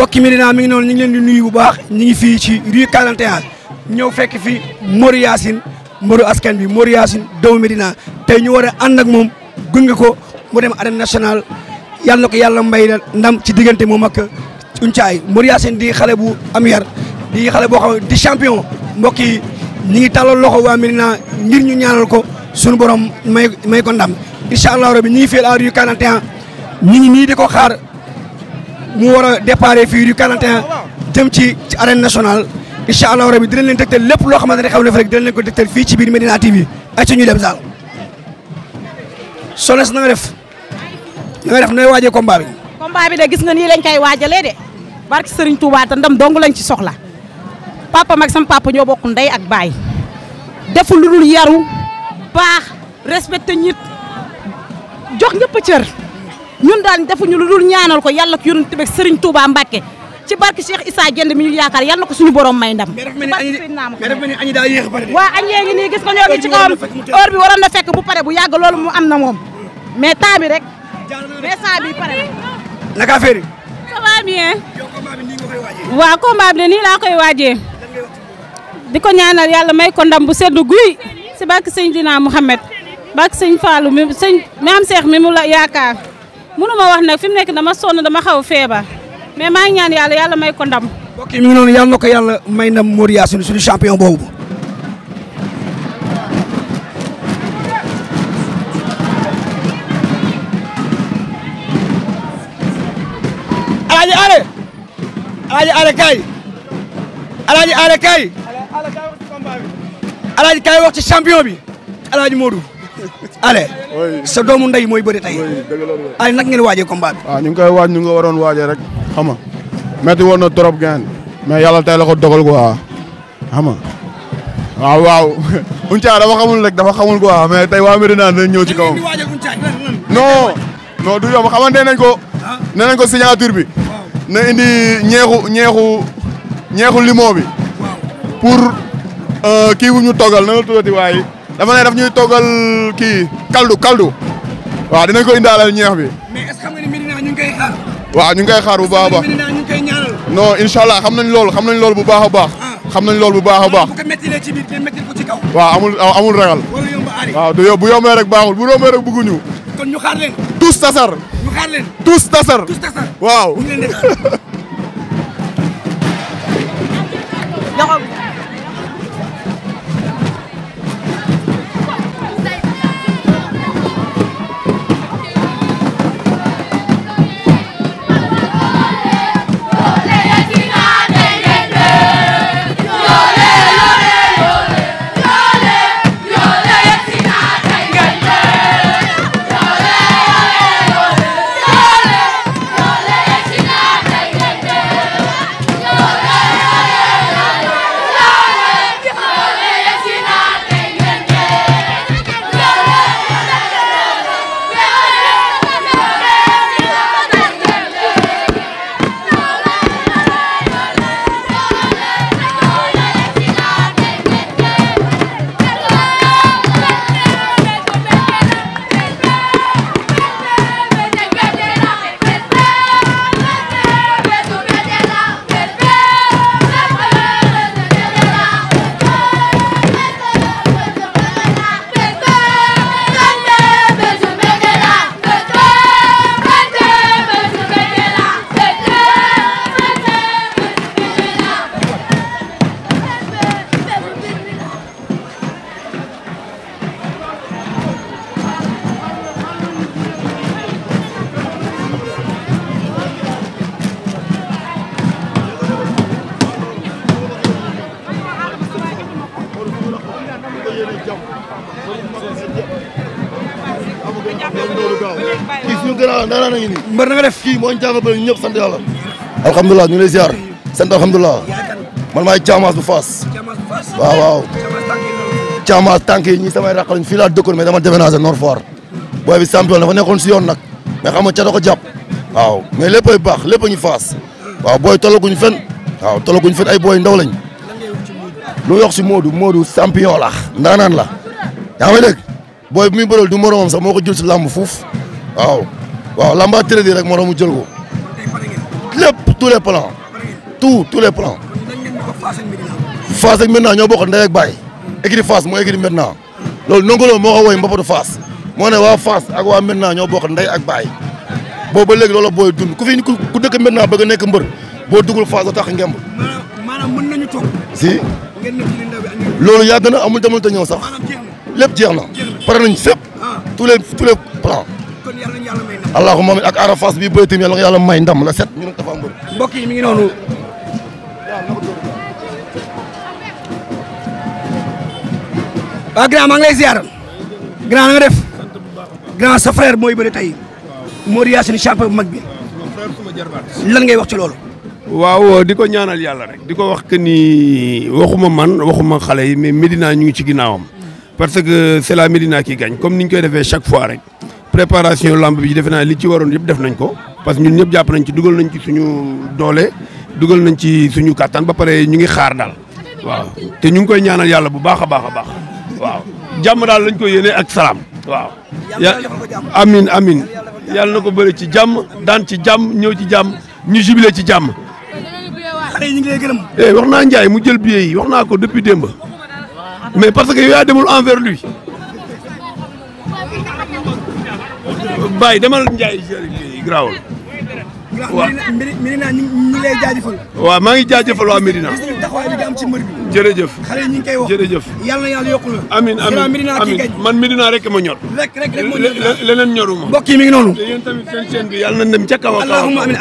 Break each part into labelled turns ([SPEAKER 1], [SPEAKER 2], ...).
[SPEAKER 1] mbokki Médina mi ngi noonu ñu ngi leen di nuyu bu baax ñu ngi fii ci rue 41 ñëw fekk fi Mor Yacine mbaru askan bi Mor Yacine doomu Médina tey ñu war a ànd ak moom gunge ko mu dem arène nationale yàlla na ko yàlla mbay ndam ci diggante moom ak Uncaay Mor Yacine di xale bu am di xale boo xam di champion mbokk yi ñu ngi tàllal loxo waa Médina ngir ñu ñaanal ko sunu borom may may ko ndam incha allah rabi ñu ngi à la rue 41 nii mu war a départ fii du 41 jëm ci ci arène nationale incha allah rabi dinañ leen dégtal lépp loo xamante ne xew na rek dinañ leen ko dégtal fii ci biir Medina TV ak ci ñu dem Saal. Sones na nga def na nga def nooy waajee combat bi.
[SPEAKER 2] combat de gis nga nii lañ koy waajalee de barke Serigne Touba te ndam dong lañ ci soxla papa mag sama papa ñoo bokk ndey ak baay deful lu dul yaru baax respecté nit jox ñëpp cër. ñun daal defuñu lu dul ñaanal ko yàlla ak yonent bi Serigne Touba Mbacke ci barke Cheikh Issa Dieng mi yaakaar yàlla na ko suñu borom may ndam.
[SPEAKER 1] añ
[SPEAKER 2] daa yéex bari waaw añ yee ngi nii gis ko ñoo ngi ci kawam heure bi waroon na pare bu yàgg loolu mu am na moom mais temps bi rek mais saa bi pare naka affaire yi ça va bien waaw combat laa koy waajee di ko ñaanal yàlla may ko ndam bu seddu guy si barke sëñ Dina Mouhamed barke sëñ Fallou mi sëñ maam Cheikh mi mu yaakaar mënuma wax nag fi mu nekk dama sonn dama xaw feebar mais maa ngi ñaan yàlla yàlla may ko ndam.
[SPEAKER 1] mbokk yi mi noonu yàlla na ko yàlla may ndam Modou Yacine suñu champion boobu. alaaji ale alaaji ale kaay alaaji ale kaay alaaji kaay wax ci champion bi alaaji Modou ale sa doomu ndey mooy bëri tey
[SPEAKER 3] ay nag ngeen waajee combat bi waaw ah, ñu ngi koy waaj ñu nga waroon waajee rek xam nga metti na trop gaan mais yàlla tey la ko dogal quoi xam nga ah, waaw waaw Ounthia dafa xamul rek dafa xamul quoi mais tey waa Medina dinañ ñëw ci kaw non non du yomb xamante nañ ko ah. ne nañ ko signature bi na indi ñeexu ñeexu ñeexu limon bi pour euh, kii wu ñu toggal na la tuddati waaye dafa ne daf ñu toogal kii kaldu kaldu waaw dinañ ko indaalal ñeex bi. mais est ñu koy xaar. waaw ñu ngi xaar bu baax a baax non incha xam nañ loolu xam nañ loolu bu baax a baax. Ah. xam nañ lool bu baax a baax.
[SPEAKER 1] ci biir te méttil ko ci
[SPEAKER 4] waaw amul
[SPEAKER 3] amul ragal. waaw du yow bu yombee rek baaxul bu yombee rek bëgguñu. kon ñu xaar leen. tous tasar. ñu tasar waaw.
[SPEAKER 5] nga def moo ñu jàngal ba ñëpp sant yàlla alhamdulilah ñu ngi lay ziar sant alhamdulilah man maay Thiamas bu Faas waaw waaw Thiamas tànk yi ñi samay raq lañ fii laa dëkkoon mais dama déménagé Nord Foire booy bi champion dafa nekkoon si yoon nag mais xam nga ca da ko jàpp waaw mais léppay baax lépp ñu faas waaw booy tolaguñ fen tolaguñ fen ay booy ndaw lañ lu yox si Modou Modou champion la ndaanaan la yaa ngi dégg booy bi muy bëral du moromam sax moo ko jël si làmb fuuf waaw waaw lamba tëradi rek moo tax jël ko lépp tous les plans tout tous les plans Fass ak Medina ñoo bokk ndey ak baay écurie Fass mooy écurie Medina loolu nongoloo moo ko woy mbapatu Fass moo ne waa Fass ak waa Medina ñoo bokk ndey ak baay boobu ba léegi loola booy dund ku fi ku dëkk Medina bëgg nekk mbër boo dugul Fass da tax ngemb
[SPEAKER 1] maanaam mën nañu toog
[SPEAKER 5] si loolu yàgg na amul jamono te ñëw sax lépp jeex na pare nañ fépp ah. tous les allahu moom ak arafas bi bëytam yàlla nga yàlla may ndam la set ñu ne dafa ngi noonu
[SPEAKER 1] waaw grand maa ngi lay ziar def grand sa mooy bëri tey Modou Yacine champion bu mag bi lan ngay wax ci loolu
[SPEAKER 4] waaw di ko ñaanal yàlla rek di ko wax que ni waxuma man waxuma xale yi mais Médina ñu ngi ci ginnaawam parce que c'est la Médina qui gagne comme ni ñu koy defee chaque fois rek préparation lamb bi defe naa li ci waroon yëpp def nañ ko parce que ñun ñëpp jàpp nañ ci dugal nañ ci suñu doole dugal nañ ci suñu kàttan ba pare ñu ngi xaar daal waaw te ñu ngi koy ñaanal yàlla bu baax a baax a baax waaw jàmm daal lañ koy yéene ak salaam waaw amin amin yàlla na ko bëri ci jàmm daan ci jàmm ñëw ci jàmm ñu jubilé ci jàmm eh, wax naa Ndiaye mu jël billet yi naa ko depuis démb mais parce que yow yaa demul envers lui bàyyi demal Ndiaye grawul
[SPEAKER 1] waaw Medina ñu ngi lay jaajëfal.
[SPEAKER 4] waaw maa ngi jaajëfal waa Medina. gis
[SPEAKER 1] nañu taxawaay bi nga am ci
[SPEAKER 4] jërëjëf xale yi ñu ngi koy wax jërëjëf.
[SPEAKER 1] yàlla na yàlla yokk la. amiin
[SPEAKER 4] man Medina rek ma ñor.
[SPEAKER 1] rek rek rek moo ñor
[SPEAKER 4] leneen ñoruma. mbokk yi mi noonu. te yéen tamit seen chaîne bi yàlla na dem ca kaw a kaw.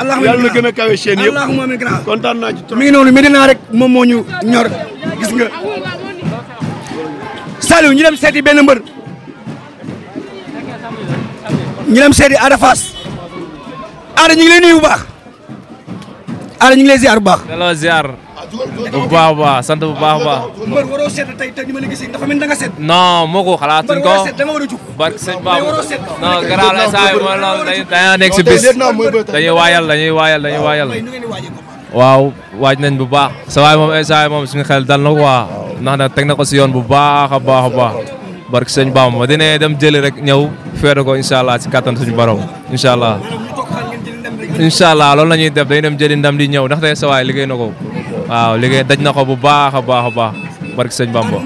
[SPEAKER 4] allahumma na gën a kawe chaîne
[SPEAKER 1] yëpp. kontaan naaj ci trop. mi ngi noonu Medina rek moom moo ñu ñor gis nga Saliou ñu dem seeti benn mbër ñu dem seeti Ada Fass Ada ñu ngi lay nuyu bu baax
[SPEAKER 6] Ada ñu ngi lay ziar bu baax. delloo ziar. bu baax baax sant bu baax baax. mbër waroo seet tey
[SPEAKER 1] te ni ma la gisee dafa mel
[SPEAKER 6] da nga seet. non moo ko xalaatuñ ko. barke sëñ Ba non garaaw la saa yi mooy loolu dañuy dañoo nekk si bis dañuy waayal dañuy waayal dañuy waayal. waaw waaj nañ bu baax. sa waay moom saa yi moom suñu xel dal na quoi ndax nag teg na ko si yoon bu baax a baax a baax barke sëñ Ba ma dina dem jëli rek ñëw. feere ko incha allah ci kattan suñu borom incha allah. incha allah loolu la def day dem jëli ndam di ñëw ndax tey sa waay liggéey na ko liggéey daj na ko bu baax a baax a baax barki sëñ Bamba.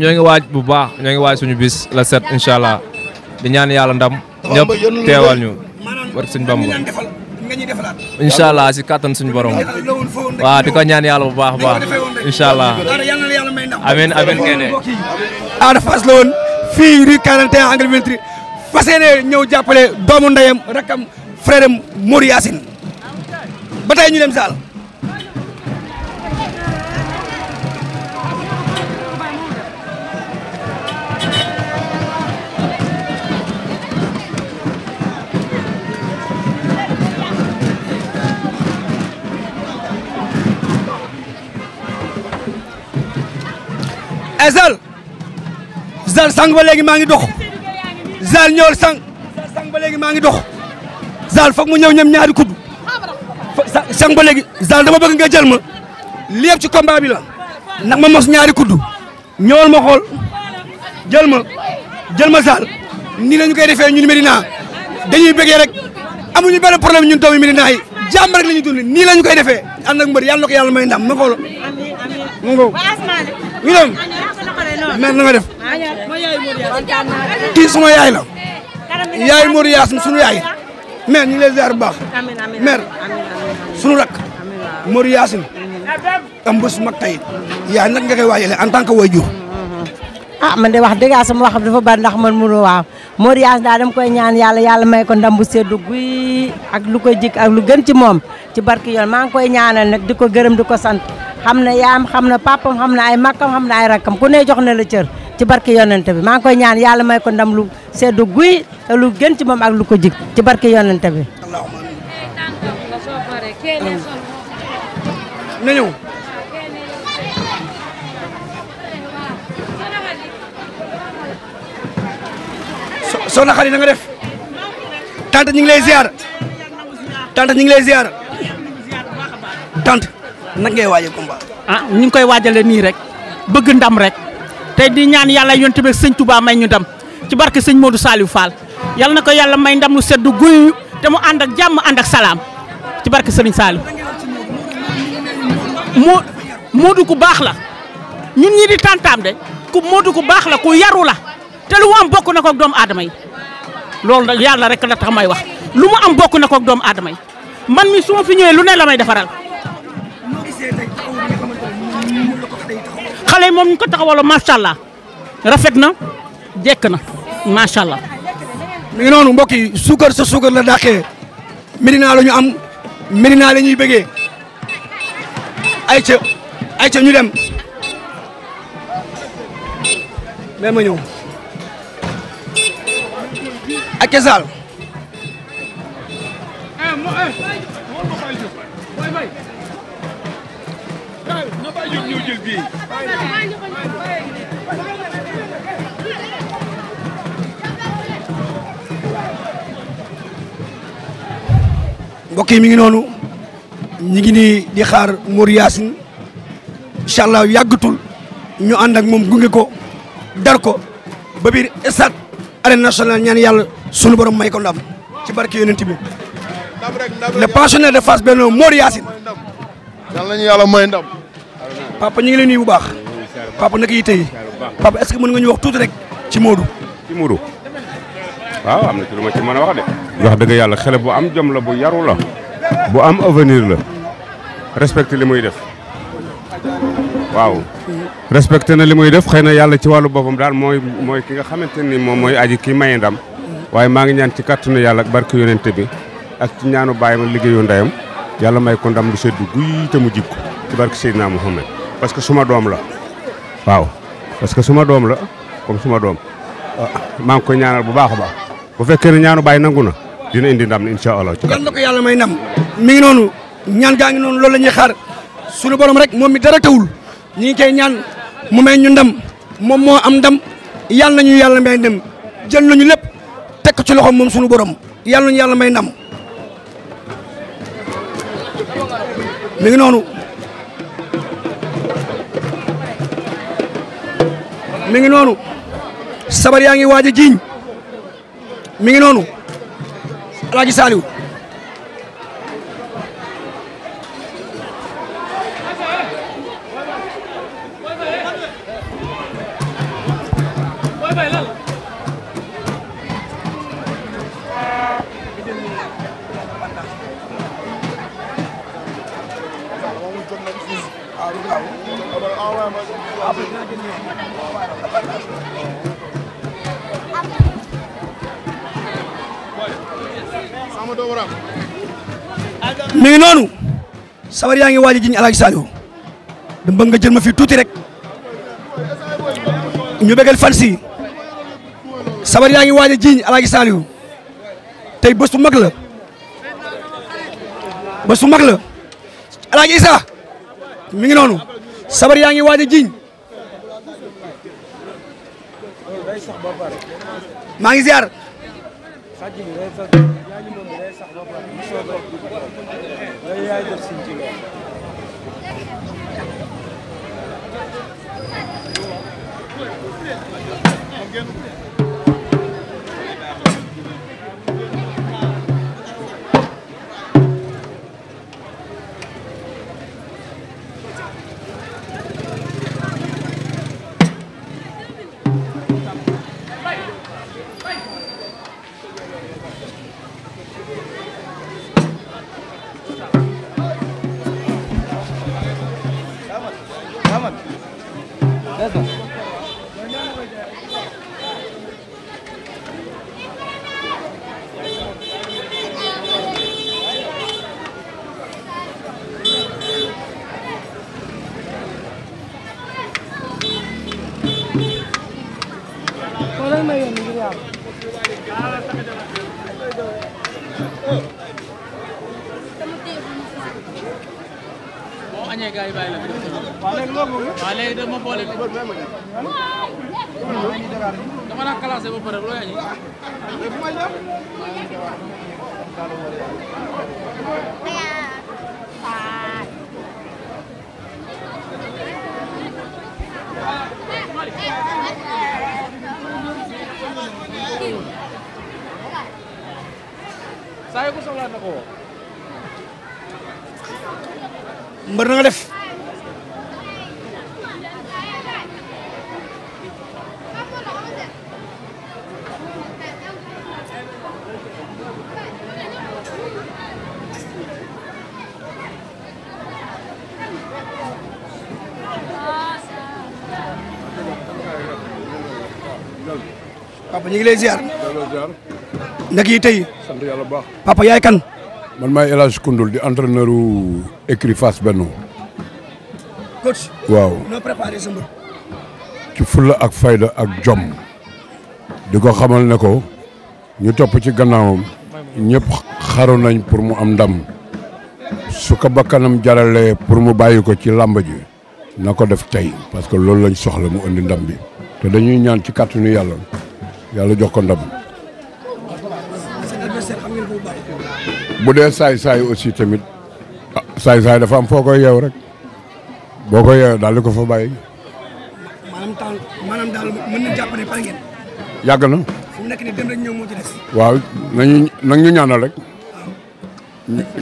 [SPEAKER 6] ñoo ngi waaj bu baax ñoo ngi suñu bis la set incha allah di ñaan yàlla ndam. ñëpp teewal ñu barki allah si kattan suñu borom waaw di ko ñaan yàlla bu baax a amiin amiin Kene. Ada Fass la
[SPEAKER 1] woon fii rue 41 angle 23 fas yéene ñëw jàppale doomu ndeyam rakam frère am Mor Yacine ñu dem Saal. waaye Zal Zal sang ba léegi maa ngi dox Zal ñëwal sang Zal ba léegi maa ngi dox Zal foog mu ñëw ñoom ñaari kudd sang ba léegi Zal dama bëgg nga jël ma li ci combat bi la ndax ma mos ñaari kudd ñëwal ma xool jël ma jël ma Zal nii la ñu koy defee ñun Medina dañuy bëggee rek amuñu benn problème ñun doomi Medina yi jàmm rek la ñuy dund nii la ñu koy defee ànd ak mbër yàlla na ko yàlla may ndam ma xool mu ngoog ñu
[SPEAKER 2] mer na nga def kii suma yaay la yaay Modou Yacine sunu yaay
[SPEAKER 1] mer ñu ngi lay ziar bu baax
[SPEAKER 2] mer sunu
[SPEAKER 1] rak Modou Yacine am bés mag tey yaay nag nga waajale en tant que waajur
[SPEAKER 7] ah man de wax dëgg sama wax dafa bari ndax man mënu waaw Modou Yacine daa dem koy ñaan yàlla yàlla may ko ndam bu seddu ak lu ko jik ak lu gën ci moom ci barki maa ngi koy ñaanal nag di ko gërëm di ko sant xam na yaam xam na papam xam na ay makkam xam na ay rakkam ku ne jox na la cër ci barke yonente bi maa koy ñaan yàlla ko ndam lu seddu guy te lu gën ci moom ak lu ko jig ci barke yonente bi na ñëw
[SPEAKER 1] soxna def tante ñu lay ziar
[SPEAKER 6] tante ñu ngi lay ziar nag ngay waajal combat. ah ñu ngi koy waajalee nii rek bëgg ndam rek te di ñaan yàlla yonent bi sëñ baa may ñu ndam ci barke sëñ Modou Saliou Fall yàlla na ko yàlla may ndam lu sedd guy te mu ànd ak jàmm ànd ak salaam ci barke Serigne Saliou. moo Modou ku baax la ñun ñi di tàntaam de ku Modou ku baax la ku yaru la te lu mu am bokku na ko ak doomu aadama yi loolu nag yàlla rek la tax may wax lu mu am bokku na ko doom doomu yi man mi su fi ñëwee lu ne la may defaral. xale yi moom ñu ko taxawaloo macha allah rafet na jekk na macha allah. mi noonu mbokk yi suukar sa suukar la dàqee
[SPEAKER 1] Médina la ñu am Médina la ñuy bëggee ayca ayca ñu dem. mais ma ñëw ak Kesal. jël bii. mbokk yi mi ngi noonu ñi ngi nii di xaar Mor Yacine incha allah yàggatul ñu ànd ak moom gunge ko dar ko ba biir ñaan yàlla sunu borom may ci barke yonent le pensionnaire de Fass Benno Mor Yacine. papa ñu ngi lay nuyu bu baax. papa naka yitte yi papa est-ce que mën nga ñu wax tuuti rek
[SPEAKER 3] ci Modou. ci Modou waaw na ci lu ma ci mën a wax de. wax dëgg yàlla xale bu am jom bu yaru la. bu am avenir la. respecté li muy def. waaw respecté na li muy def xay na yàlla ci wàllu boppam daal mooy mooy ki nga xamante ni moom mooy aji ki maye waaye maa ngi ñaan ci kàttanu yàlla ak barke yonente bi ak ñaanu bàyyi ma liggéeyu ndeyam yàlla may ko ndam lu sedd guy mu jikko ci barke Seydina Muhammad parce que suma doom la waaw parce que suma doom la comme suma doom ah, maa ko koy ñaanal bu baax baax bu fekkee ne ñaanu baay nangu na dina indi ndam incha allah.
[SPEAKER 6] yal
[SPEAKER 1] na ko yàlla may ndam mi ngi noonu ñaan gaa ngi noonu loolu la ñuy xaar suñu borom rek moom mi dara tawul ñu ngi koy ñaan mu may ñu ndam moom moo am ndam yal na ñu yàlla may ndam jël nañu lépp teg ko ci loxoom moom suñu borom yal ñu yàlla may ndam mi mi ngi noonu sabar yaa ngi waaj a jiiñ mi ngi noonu Alaaji Saaliw sawar yaa ngi waaj a jiñ Alaaji Saliou dama nga jël ma fii tuuti rek ñu bëggal fan si sawar yaa ngi waaj jiñ Alaaji Saliou tey bés bu mag la bés bu mag la Alaaji Issa mi ngi noonu yaa ngi waaj a jiñ maa ngi ziar
[SPEAKER 6] kenn
[SPEAKER 8] ngi lay ziar. nag yi tey. sant yàlla yaay kan. man maay El Hadj di entraîneur u écurie waaw ci fulla ak fayda ak jom. di ko xamal ne ko ñu topp ci gannaawam ñëpp xaru nañ pour mu am ndam su ko bakkanam jaralee pour mu bàyyi ko ci làmb ji na ko def tey parce que loolu lañ soxla mu indi ndam bi te dañuy ñaan ci kàttanu yàlla yàlla jox ko ndam. bu dee saay-saay aussi tamit ah, saay-saay dafa am foo ko yeew rek boo ko yeew daal di ko fa bàyyi.
[SPEAKER 1] maanaam na jàpp
[SPEAKER 8] na. waaw nañu ñu ñaanal rek.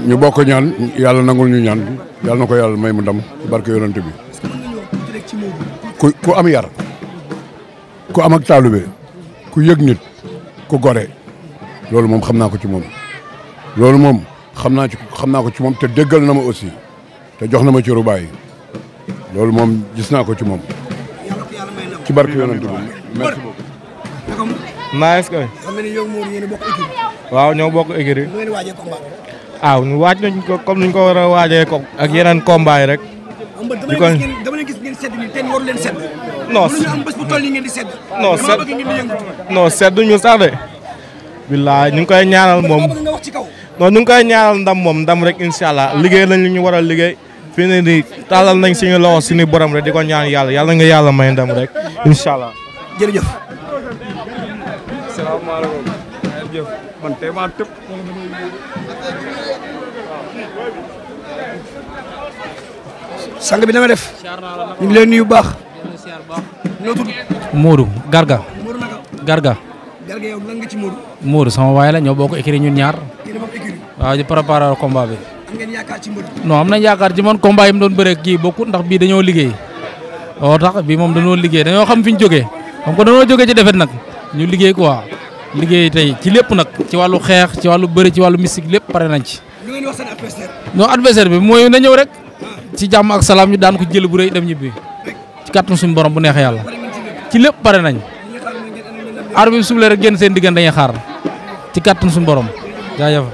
[SPEAKER 8] ñu bokk ñaan yàlla nangul ñu ñaan yàlla na ko yàlla may mu ndam ci barke ku am yar ku am ak taalube ku yëg nit ku gore loolu moom xam naa ko ci moom loolu moom xam naa ci xam naa ko ci moom te déggal na ma aussi te jox na ma ci rubaay loolu moom gis naa ko ci moom ci barke yonent bi merci
[SPEAKER 1] beaucoup waaw
[SPEAKER 8] ñoo bokk écurie
[SPEAKER 7] waaw ah, ñu waaj nañ ko comme niñ ko war a waajee ko ak yeneen combat rek
[SPEAKER 1] di ko dama leen gis ngeen sedd nii teen waru leen
[SPEAKER 7] ñu sax ñu ngi koy ñaaral moom non ñu ngi koy ñaanal ndam moom ndam rek incha allah liggéey lañ li ñu war liggéey. fii ne nii tàllal nañ suñu loxo suñu borom rek di ko ñaan yàlla yàlla nga yàlla may ndam rek incha allah.
[SPEAKER 1] sang bi na nga def.
[SPEAKER 2] ñu ngi leen nuyu bu baax. noo tudd. Modou Garga. Modou naka. Garga.
[SPEAKER 1] Garga nga ci Modou.
[SPEAKER 2] Modou sama waaye la ñoo bokk écrit ñun ñaar. waaw di préparer combat bi.
[SPEAKER 5] am ci mbër.
[SPEAKER 2] non am nañ yaakaar ci man combat yi mu doon bëree kii bokkut ndax bii dañoo liggéey. oo tax bii moom dañoo liggéey dañoo xam fi ñu jógee xam ko dañoo ci defet nag ñu liggéey quoi liggéey tey ci lépp nag ci wàllu xeex ci wàllu bëri ci wàllu mystique lépp pare nañ ci.
[SPEAKER 1] ñu ngi
[SPEAKER 2] bi mooy na ñëw rek. ci jàmm ak salaam ñu daan ko jël bu rëy dem ñibbi ci kàttan suñu borom bu neexee yàlla ci lépp pare nañ arbitre bi suble rek génn seen diggante dañuy xaar ci kàttan suñu borom jaajëf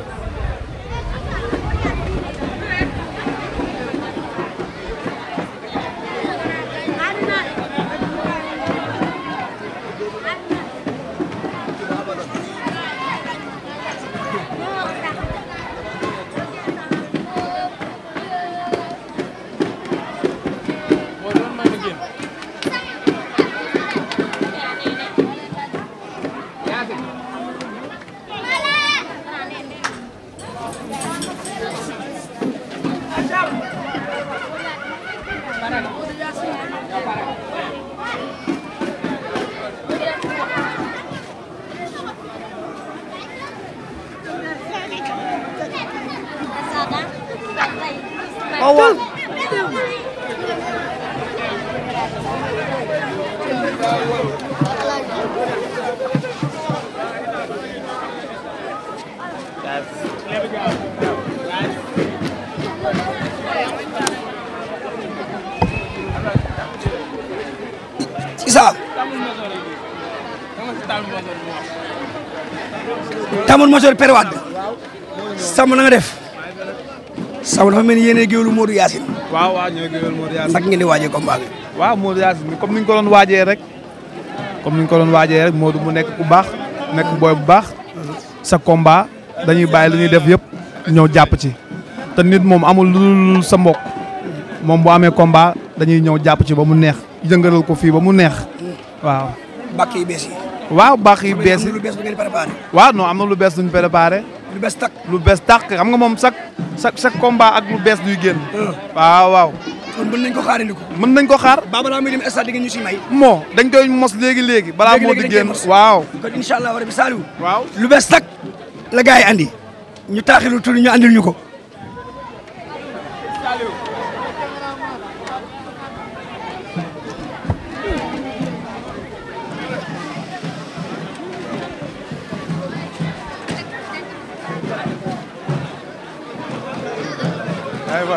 [SPEAKER 1] Bawa. Isa. Tamul Major Père
[SPEAKER 6] nga def. sama dafa mel ni yéenay géwélu Modou Yacine. waaw waaw ñooy géwélu Modou Yacine. naka ngeen di waajee combat bi. comme ñu ko doon waajee rek. comme ni ñu ko doon waajee rek Modou mu nekk ku baax nekk booy bu baax. sa combat dañuy bàyyi lu ñuy def yëpp ñëw jàpp ci. te nit moom amul lu sa mbokk. moom bu amee combat dañuy ñëw jàpp ci ba mu neex yëngalal ko fii ba mu neex. waaw. bàq yu bees yi. waaw bàq yu bees yi waaw lu bees lu ñu préparé. lu bees tàq. lu bees tàq xam nga moom chaque chaque chaque combat ak lu bees luy génn. Euh. waaw waaw. kon mën nañ ko xaarandi ko. mën nañ ko xaar. ba balaa muy dem stade di nga ñu si may. moo dañ koy mos léegi léegi.
[SPEAKER 1] balaa moo di génn waaw. kon incha allah rabi Saliou. waaw lu bees tàq. la gars yi andi. ñu taaxirlu tudd ñu andil ñu ko.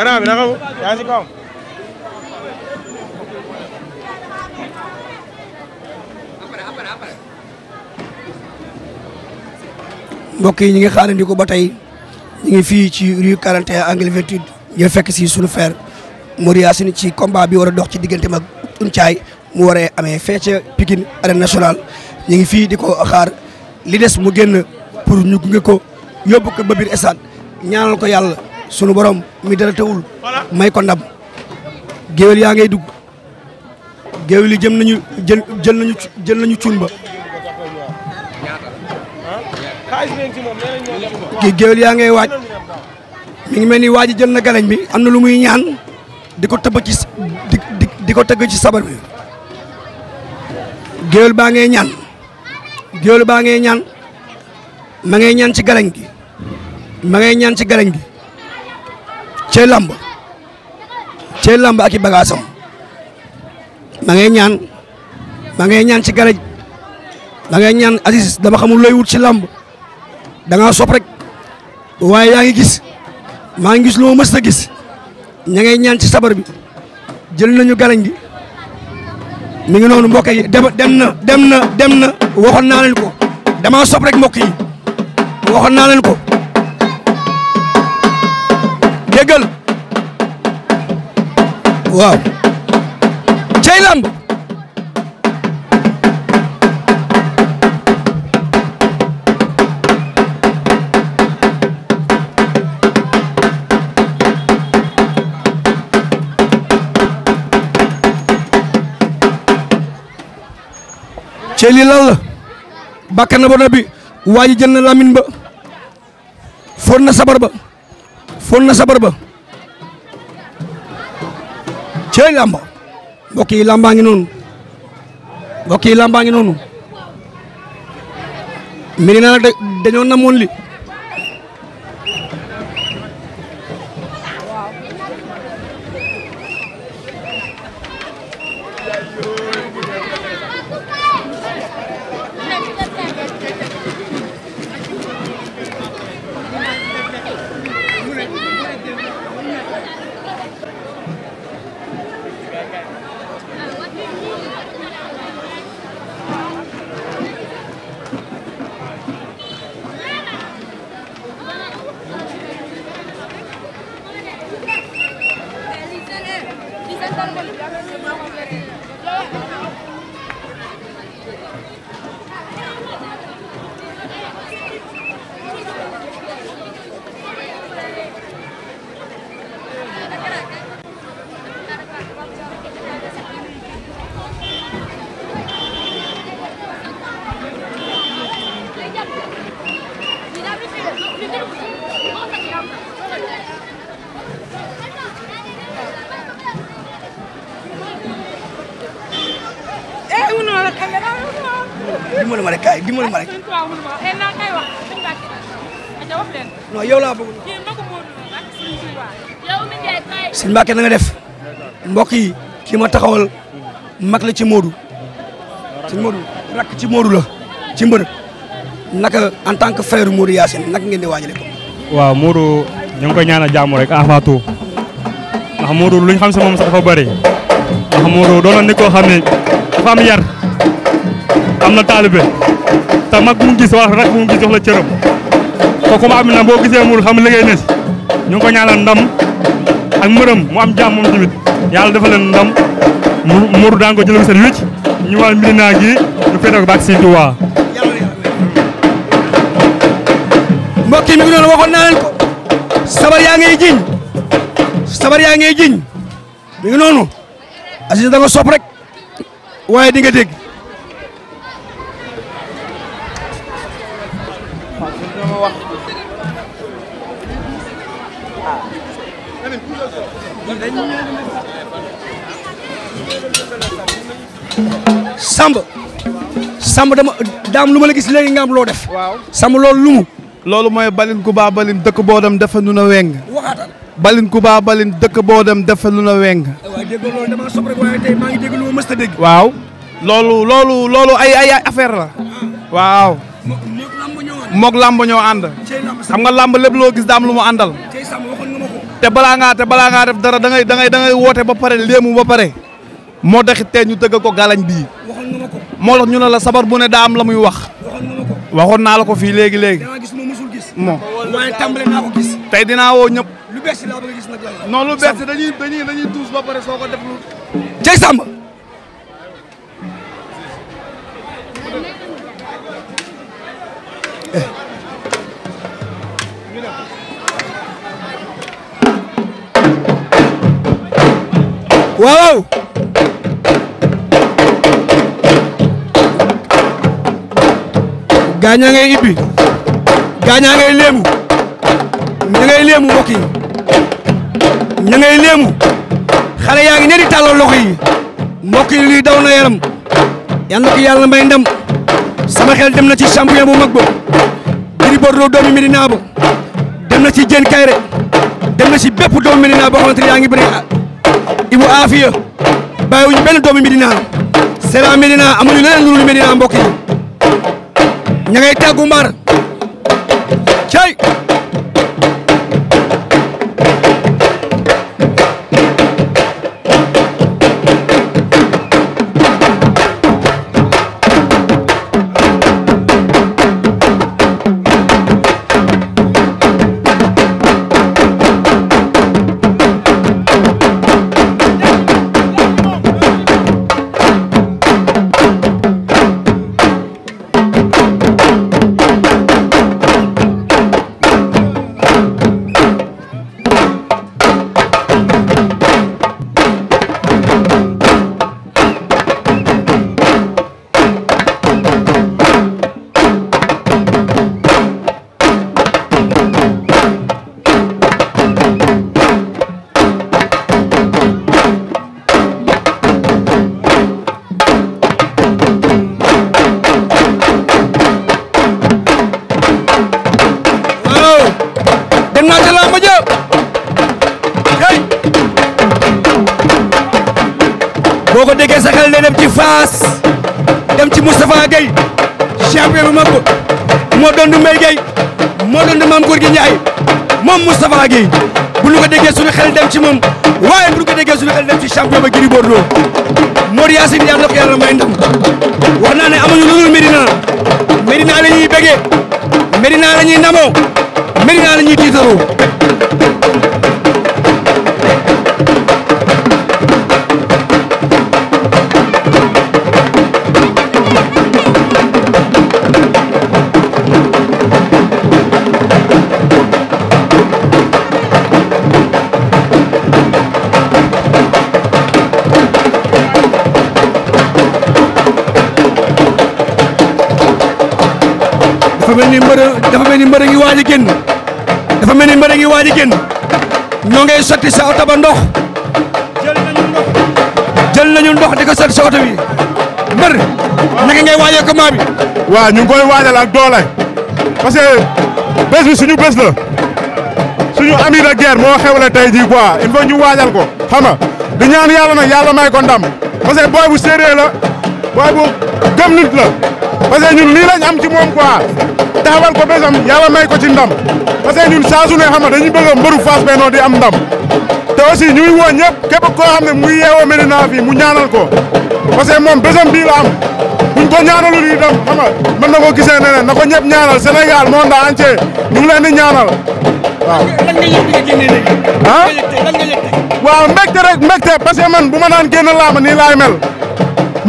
[SPEAKER 3] grand bi naka mu yaa
[SPEAKER 6] si
[SPEAKER 1] yi ñu ngi xaarandi ko ba tey ñu ngi fii ci rue 41 angle 28 ñu fekk si sunu frère Modou Yacine ci combat bi war a dox ci diggante mag Uncaay mu waree amee fee ca Pikine nationale ñu ngi fii di ko xaar li mu génn pour ñu gunge ko yóbbu ko ba biir stade ñaanal ko yàlla. sunu borom mi dara tawul may ko ndam géwél yaa ngay dugg géwél yi jëm nañu jël jël nañu jël
[SPEAKER 7] géwél yaa ngay waaj
[SPEAKER 1] mi ngi mel ni waaj jël na galañ bi am na lu muy ñaan di ko tëbb ci di ko tëgg ci sabar bi géwél baa ngay ñaan géwél baa ngay ñaan ma ngay ñaan ci galañ gi ma ngay ñaan ci galañ gi cey làmb cey lamb ak i bagaasam ma ngay ñaan ma nga ñaan ci garaj ma ngay ñaan Aziz dama xamul looy wut ci làmb da ngaa sopp rek waaye yaa ngi gis maa ngi gis lu ma mës gis ña ngay ñaan ci sabar bi jël nañu garañ gi mi ngi noonu mbokk yi dem dem na dem na dem na waxoon naa ko damaa sopp rek mbokk yi waxoon naa leen ko. yëgal waaw cey ba noppi waa ji jël na lamine ba fóon na sabar ba fóon na sabar ba cey làmb mbokk yi làmbaa ngi noonu mbokk yi làmbaa ngi noonu mi ngi naan li fekkee na nga yi kii ma taxawal mag la ci Modou ci ci Modou la ci mbër naka en tant que frère Modou Yacine naka ngeen di waajale ko.
[SPEAKER 7] waaw Modou koy ñaanal jàmm rek avant tout ndax Modou luñ xam si na boo gisee Modou xam liggéey na si ko ñaanal ndam. ak mërëm mu am jàmm moom tamit yàlla dafa leen ndam Modou daan ko jëloon seen wicc ñu wàllu Médina gi ñu féete ko baak si Touba.
[SPEAKER 1] mbokk yi mi ngi doon waxoon naa leen ko. sabar yaa ngay jiñ sabar yaa ngay jiñ mi ngi noonu Aziz da rek waaye di nga dégg. Samb.
[SPEAKER 6] Samb dama daam lu ma la gis léegi nga am loo def. waaw Samb loolu lumu. loolu mooy balin baa balin dëkk boo dem defe nu na weng. waxaatal balin Kuba balin dëkk boo dem defe nu na weng.
[SPEAKER 1] waaw
[SPEAKER 6] dégg loolu waaw loolu loolu loolu ay ay affaire la. Ah. waaw. moog lamb ñoo ànd. xam nga lamb lépp loo gis daam lu mu àndal. te balaa ngaa te balaa ngaa def dara dangay dangay da ngay woote ba pare léemu ba pare moo taxit tey ñu tëgg ko galañ bii. moo tax ñu ne la sabar bu ne daa am la muy wax. waxoon naa la ko fii léegi léegi. bon. waaye tàmbale naa ko gis. tey dinaa woo ñëpp. lu bees laa bëgg gis nag. non lu bees dañuy dañuy ba pare soo ko def lu. Jey Samba.
[SPEAKER 3] waaw
[SPEAKER 1] gaañ a ngay ibbi gaañ a ngay léemu ña ngay léemu mbokk yi ña ngay léemu xale yaa ngi ne di yi mbokk yi luy daw na yaram yal na ko yàlla may ndam sama xel dem na ci champion bu mag ba Gris Bordeaux doomi Medina ba dem na ci Diène Kaïré dem na ci bépp doomi Medina boo xamante ne yaa ngi bëri Ibou Afia bàyyiwuñu benn doomu Medina Seraa Medina amuñu leneen lu dul Medina mbokk yi ña ngay tàggu mbaar cay suñu xel dem ci champion ba Gris Bordeaux Mor Yacine yàlla na ko yàlla may ndam wax naa ne amuñu lu dul Medina Medina la ñuy bëggee Medina la ñuy ndamoo Medina la ñuy tiitaroo dafa ni mbër dafa mel ni mbër a ngi waaj a génn dafa mel ni mbër a ngi waaj a génn sa oto ba ndox jël nañu ndox jël nañu ndox sa oto bi mbër
[SPEAKER 3] naka ngay waajee combat bi. waaw ñu ngi koy doole parce bés bi suñu bés la suñu ami de guerre moo xewle tey jii quoi il faut ñu waajal ko xam nga di ñaan yàlla nag may ko ndam parce booy bu séeréer la booy bu gëm nit la. parce que ñun lii lañ am ci moom a taxawal ko bésam yàlla may ko ci ndam parce que ñun saa su ne xam nga dañuy bëgg a mbëru Fass Benno di am ndam te aussi ñu ngi woo ñëpp képp koo ne muy yeewoo Medina fii mu ñaanal ko parce que moom bésam bii la am buñ ko ñaanalul yi dem xam nga mën na ko gisee neneen na ko ñëpp ñaanal Sénégal monde entier ñu ngi leen di ñaanal a ah waaw mbégte rek mbégte parce que man bu ma naan génn laa ma nii laay mel.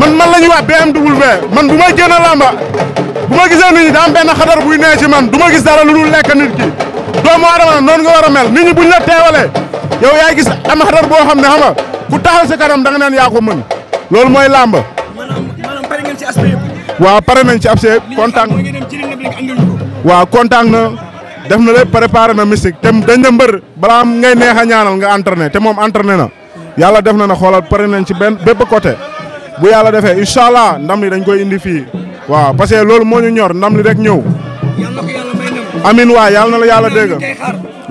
[SPEAKER 3] man man la ñuy wax BMW man bu may génn làmba bu ma gisee nit ñi daa am benn xadar buy nee ci man du ma gis dara lu dul lekk nit ki doomu aadama noonu nga war a mel nit ñi buñ la teewalee yow yaa gis am xadar boo xam ne xam nga ku taxaw si kanam da nga naan yaa ko mën loolu mooy làmb. maanaam pare ngeen ci aspect yëpp. waaw pare nañ ci aspect yëpp kontaan. waaw kontaan na def na lépp préparé na mystique te dañ la mbër balaa ngay neex a ñaanal nga entraîné te moom entraîné na yàlla def na na xoolal pare nañ ci benn bépp côté. bu yàlla defee incha allah ndam li dañ koy indi fii waaw parce que loolu moo ñu ñor ndam li rek ñëw. amin waay yàlla na la yàlla dégg.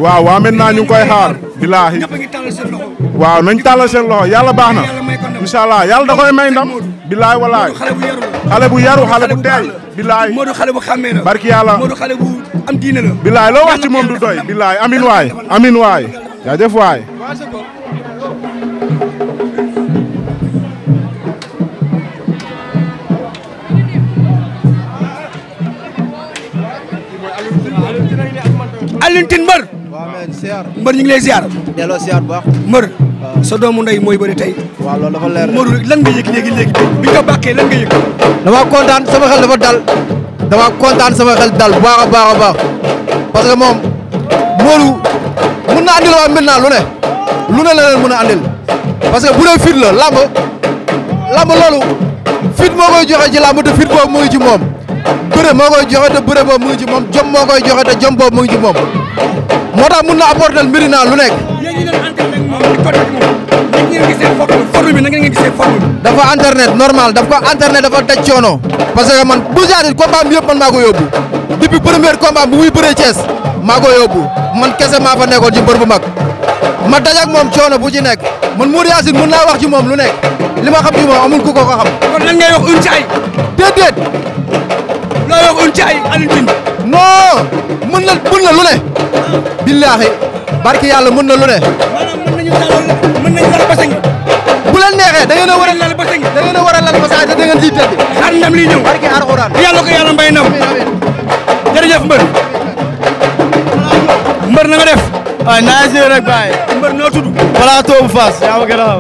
[SPEAKER 3] waaw waaw maintenant ñu ngi koy xaar. bilaahi waaw nañ tàllal seen loxo yàlla baax na. incha allah yàlla da koy may ndam. bilaay walaay xale bu yaru xale bu teey bilaay Modou xale yàlla Modou xale bu am diine bilaay loo wax ci moom du doy bilaay amin waay amin waay jaajëf waay
[SPEAKER 1] Alioune Tine mbër. waaw mais ziar. mbër ñu ngi lay delloo ziar bu baax. mbër sa doomu ndey mooy bëri tey. waaw loolu dafa leer Modou lan nga yëg léegi léegi bi nga bàkkee lan nga yëg.
[SPEAKER 2] damaa kontaan sama dafa dal dama kontaan sama xel dal baax a baax baax parce que moom Modou mun na andil waa la leen mun a andil parce que bu fit la lamb lamb loolu fit moo koy joxe ci lamb te fit boobu mu ngi moom. bëre moo koy joxe te bëre boobu mu ngi ci jom moo koy joxe te jom boobu moo tax mun na apporter Médina lu nekk. yéen ñi bi forme bi naka ngeen gisee forme bi. dafa internet normal dafa internet dafa daj coono parce que man bu jaadit combat yëpp man maa ko yóbbu depuis bu muy bëree Thiès maa ko man kese ma fa nekkoon ci mbër bu mag ma daj ak moom coono bu ci nekk man Modou Yacine mun naa wax ci moom lu nekk li ma xam ci moom amul ku ko xam. kon lan ci ay loo yokkuwoon ci ay Alioune Tine. non mën na mën na lu ne. billaahi barki yàlla mën na lu ne. maanaam mën nañu taloon mën nañu lal basang. bu leen neexee da ngeen a war a lal basang. da ngeen a war a lal basang te da ngeen siy tëdd. xaar ndam liy ñëw barki alxuraan. yàlla ko yàlla mbay ndam. jërëjëf mbër.
[SPEAKER 7] mbër na nga def. waaw naa si rek bàyyi. mbër noo tudd. plateau bu Fass. yaa ma gën a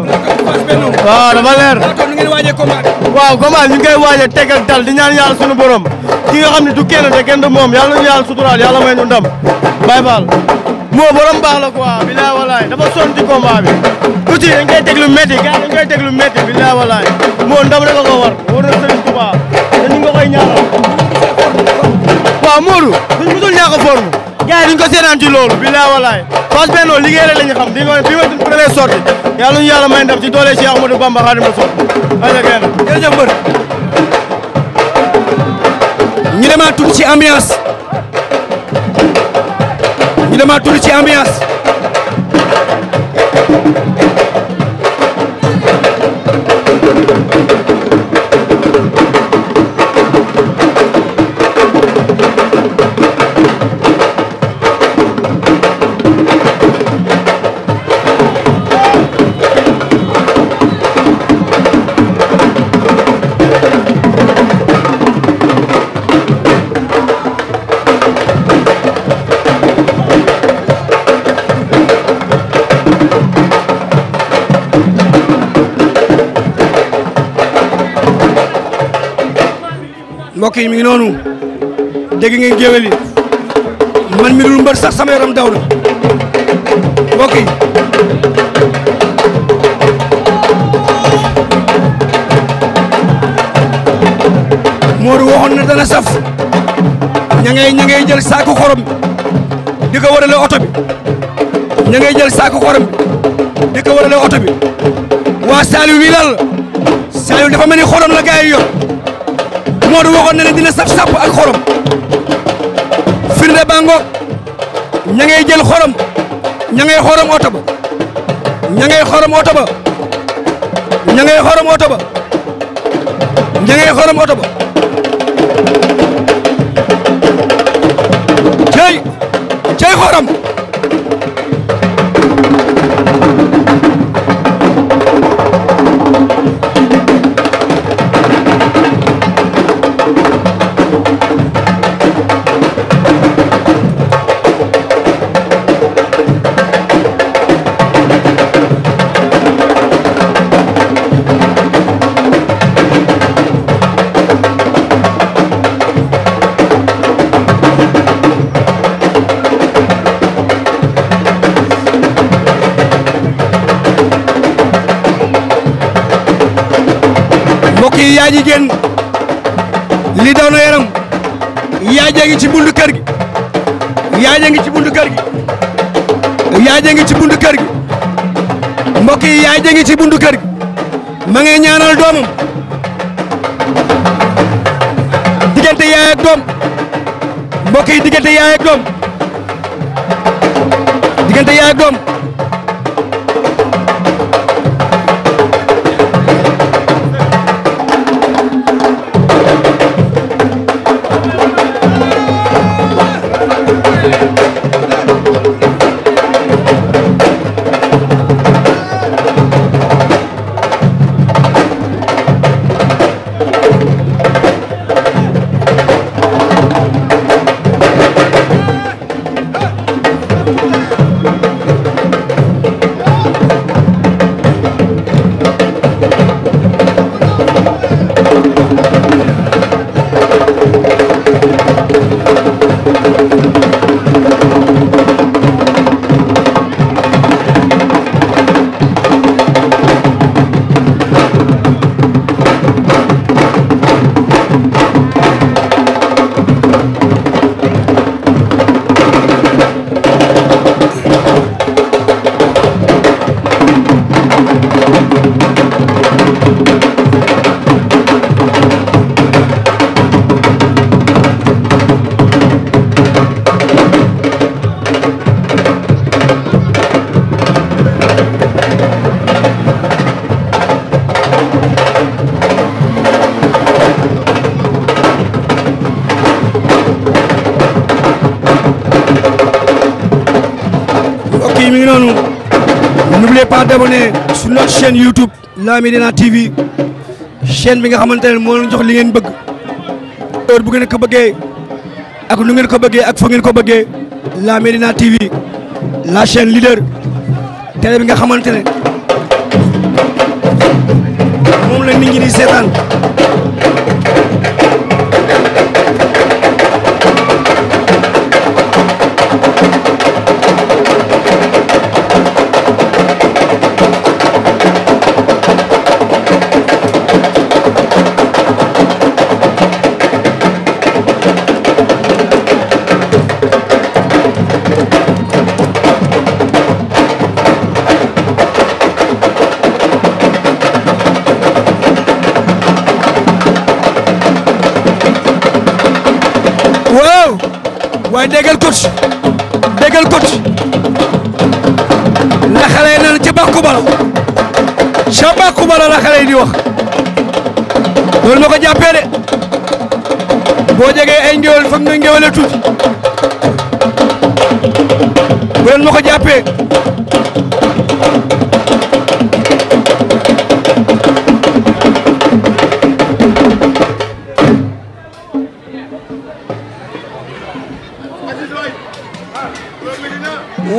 [SPEAKER 7] xam. waaw dama leer. ñu ngi koy waaj a teg ak dal di ñaan yàlla suñu borom ki nga xam ne du kenn te kenn du moom yàlla nañu yàlla suturaal yàlla may nu ndam Baye Fall moo borom baax la quoi bilaay walaay dafa sonn ci combat bi ku ci dañ koy teg lu métti gars dañ koy teg lu métti bilaay walaay moo ndam rek la ko war war na Serigne Touba te ñu nga koy ñaanal waaw Modou duñ musul ñàkk forme gars yi duñ ko ci loolu bilaay walaay Fass Benno liggéey rek xam di nga bii mooy suñu première sortie yàlla ñu yàlla ci doole Cheikh Ahmadou ñu demaat tuuti ci ambiance
[SPEAKER 1] ñu demaat tuuti ci ambiance mbokk yi mi ngi noonu dégg ngeen géwél yi man mi dul mbër sax sama yaram daw na mbokk yi Modou waxoon na dana saf ña ngay ña ngay jël saaku xorom di ko warale oto bi ña ngay jël saaku xorom di ko warale oto bi waa Saliou wi lal dafa mel ni xorom la gars yi yor Modou waxoon na ne dina saf sàpp ak xorom firnde baa ngoog ña ngay jël xorom ña ngay xorom oto ba ña ngay xorom oto ba ña ngay xorom oto ba ña ngay xorom oto ba cey cey xorom mbokk yi yaa li daw na yaram yaaja ngi ci buntu kër gi yaaja ngi ci buntu kër gi yaaja ngi ci buntu kër gi mbokk yi yaaja ngi ci buntu kër gi ma ngay ñaanal doomam diggante yaay doom mbokk yi diggante yaay ak doom diggante yaay ak doom la Médina TV chaîne bi nga xamante ne moo leen jox li ngeen bëgg heure bu ngeen ko bëggee ak nu ngeen ko bëggee ak fa ngeen ko bëggee la Médina TV la chaîne leader télé bi nga xamante ne moom la nit ñi seetaan. waaye déggal coach déggal coach la xale yi naan ca bàkku bala ca bàkku bala la xale yi di wax loolu la ko jàppee de boo jegee ay ngéwél foog nga ngéwéle tuuti bu leen ko jàppee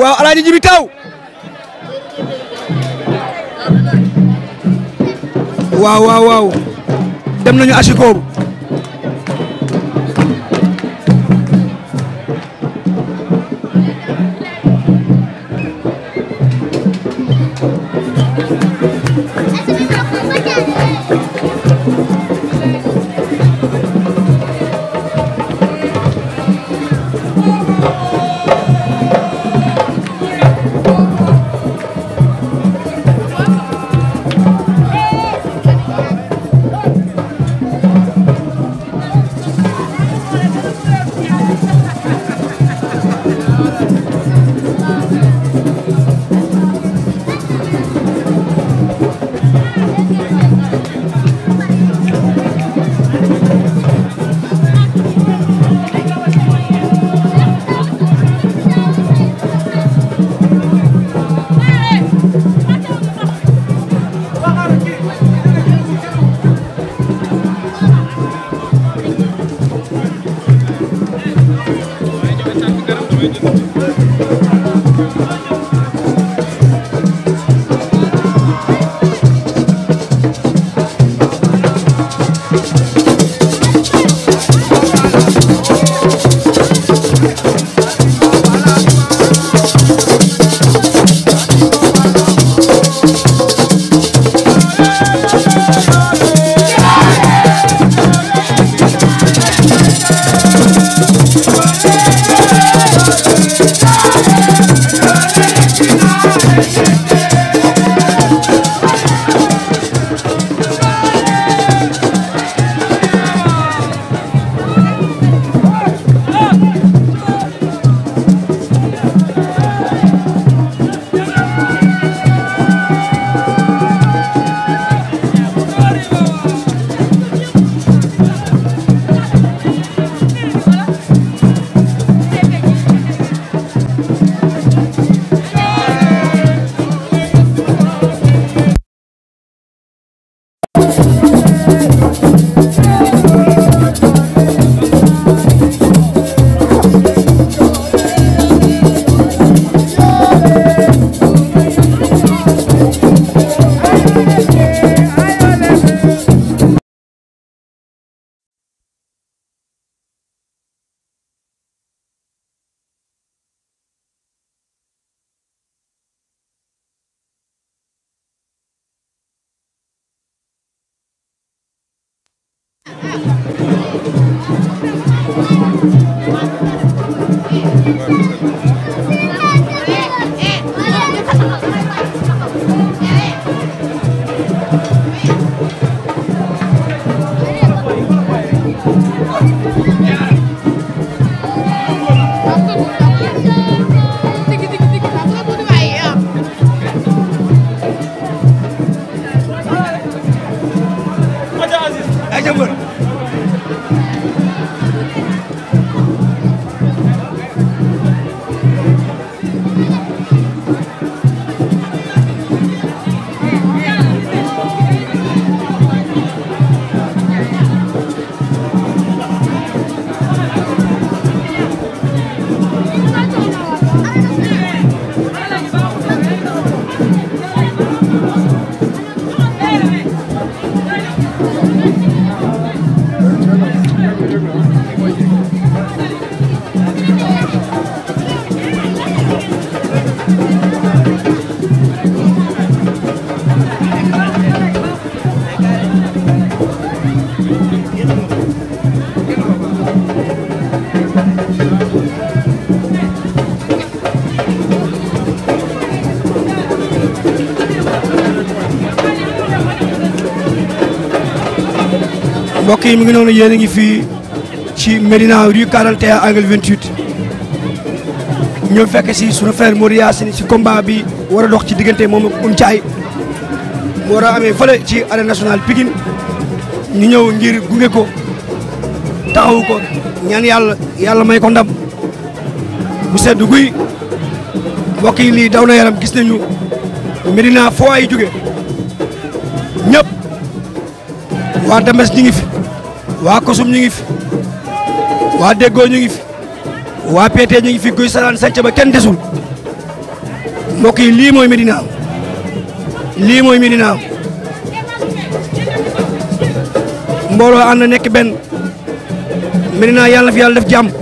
[SPEAKER 1] waaw alaaji jibi taw waaw waaw waaw dem nañu asikoobu
[SPEAKER 3] Thank you.
[SPEAKER 1] mbokk yi mi ngi noonu yéen a ngi fii ci Médina rue 41 angle 28 ñoo fekk si sunu frère Modou Yacine si combat bi war a dox ci diggante moom ak Um Thiaay mu war a amee fële ci arène national Pikine ñu ñëw ngir gunge ko taxawu ko ñaan yàlla yàlla may ko bu sedd guy mbokk yi lii daw na yaram gis nañu Médina foo ay jóge ñëpp waa Dames ñi ngi fi waa Kosum ñu ngi fi waa Déggoo ñu ngi fi waa Pété ñu ngi fi Guy Sarane sàcc ba kenn desul mbokk yi lii mooy Médina am lii mooy Médina mbooloo ànd nekk benn Médina yàlla fi yàlla def jàmm.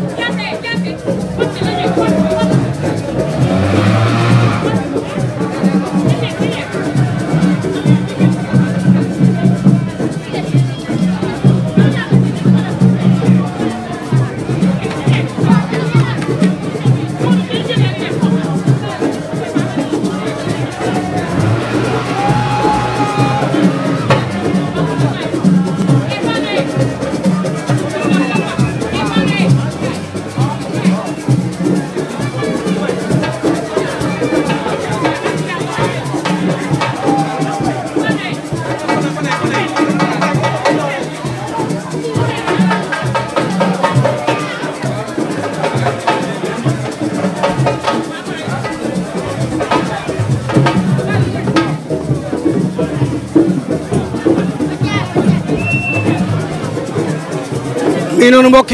[SPEAKER 1] mais noonu mbokk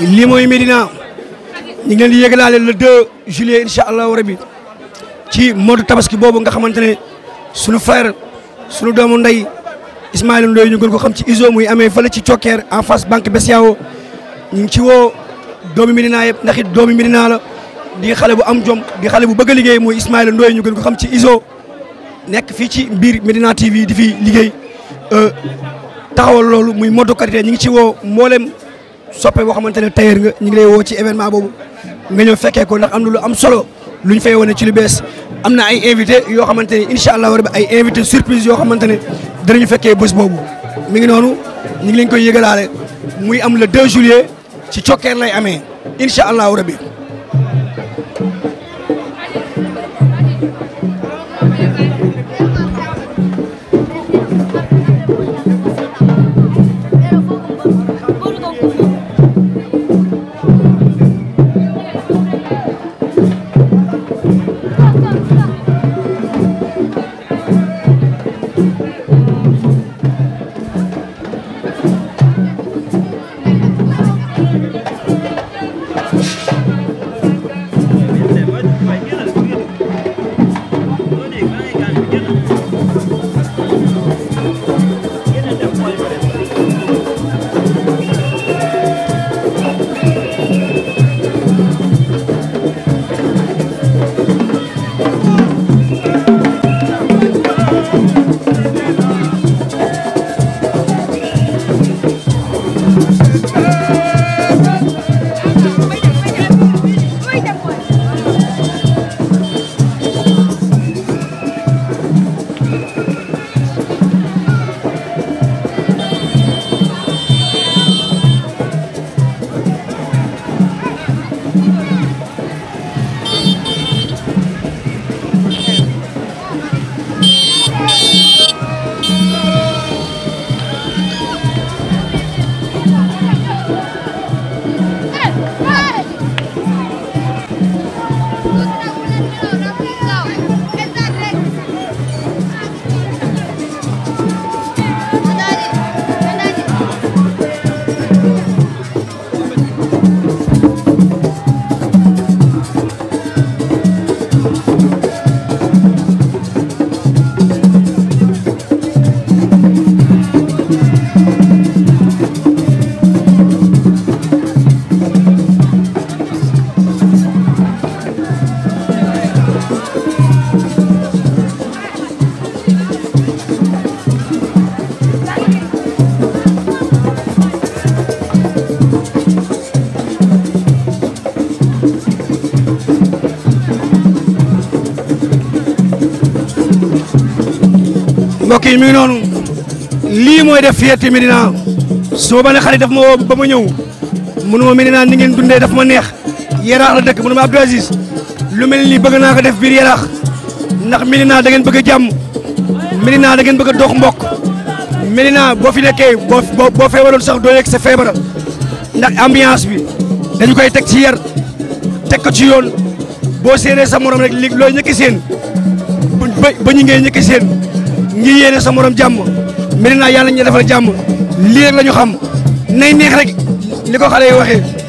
[SPEAKER 1] yi lii mooy Médina ñu ngi leen di yëgalaale le 2 juillet allahu rabi ci mode tabaski boobu nga xamante ne sunu frère sunu doomu ndey Ismaïla Ndoye ñu gën ko xam ci ISO muy amee fële ci en face banque BCEAO ñu ngi ci woo doomu Médina yëpp ndax it doomu Médina la di xale bu am jom xale bu bëgg liggéey muy Ismaïla Ndoye ñu gën ko xam ci ISO nekk fii ci biir Médina TV di fi liggéey. Euh, taxawal loolu muy moto qualité ñi ngi ci woo mboolem soppe boo xamante ne tailleur nga ñu ngi woo ci événement boobu nga ñëw fekkee ko ndax am na lu am solo luñ fay wane ci lu bees am na ay invité yoo xamante ne incha allah rabbi ay invité surprise yoo xamante ne danañu fekkee bës boobu mi ngi noonu ñu ngi leen koy yëgalaale muy am le 2 juillet ci cokkeer lay amee incha allah rabbi mbokk yi mi ngi noonu lii mooy def fierté Médina soo ba ne xarit daf ma woo ba ma ñëw mënu ma Médina ni ngeen dundee daf ma neex yaraax la dëkk mënu ma Abdou lu mel nii bëgg naa ko def biir yaraax ndax Médina da ngeen bëgg a jàmm Médina da ngeen bëgg a dox mbokk Médina boo fi nekkee boo boo feebaroon sax doo yegg sa feebara ndax ambiance bi dañu koy teg ci yar teg ko ci yoon boo séenee sa morom rek li looy ñëkki ba ñu ngee ñëkki seen ñi yéene sa morom jàmm Médina yàlla ñu defal jàmm lii la ñu xam nay neex rek li ko xale yi waxee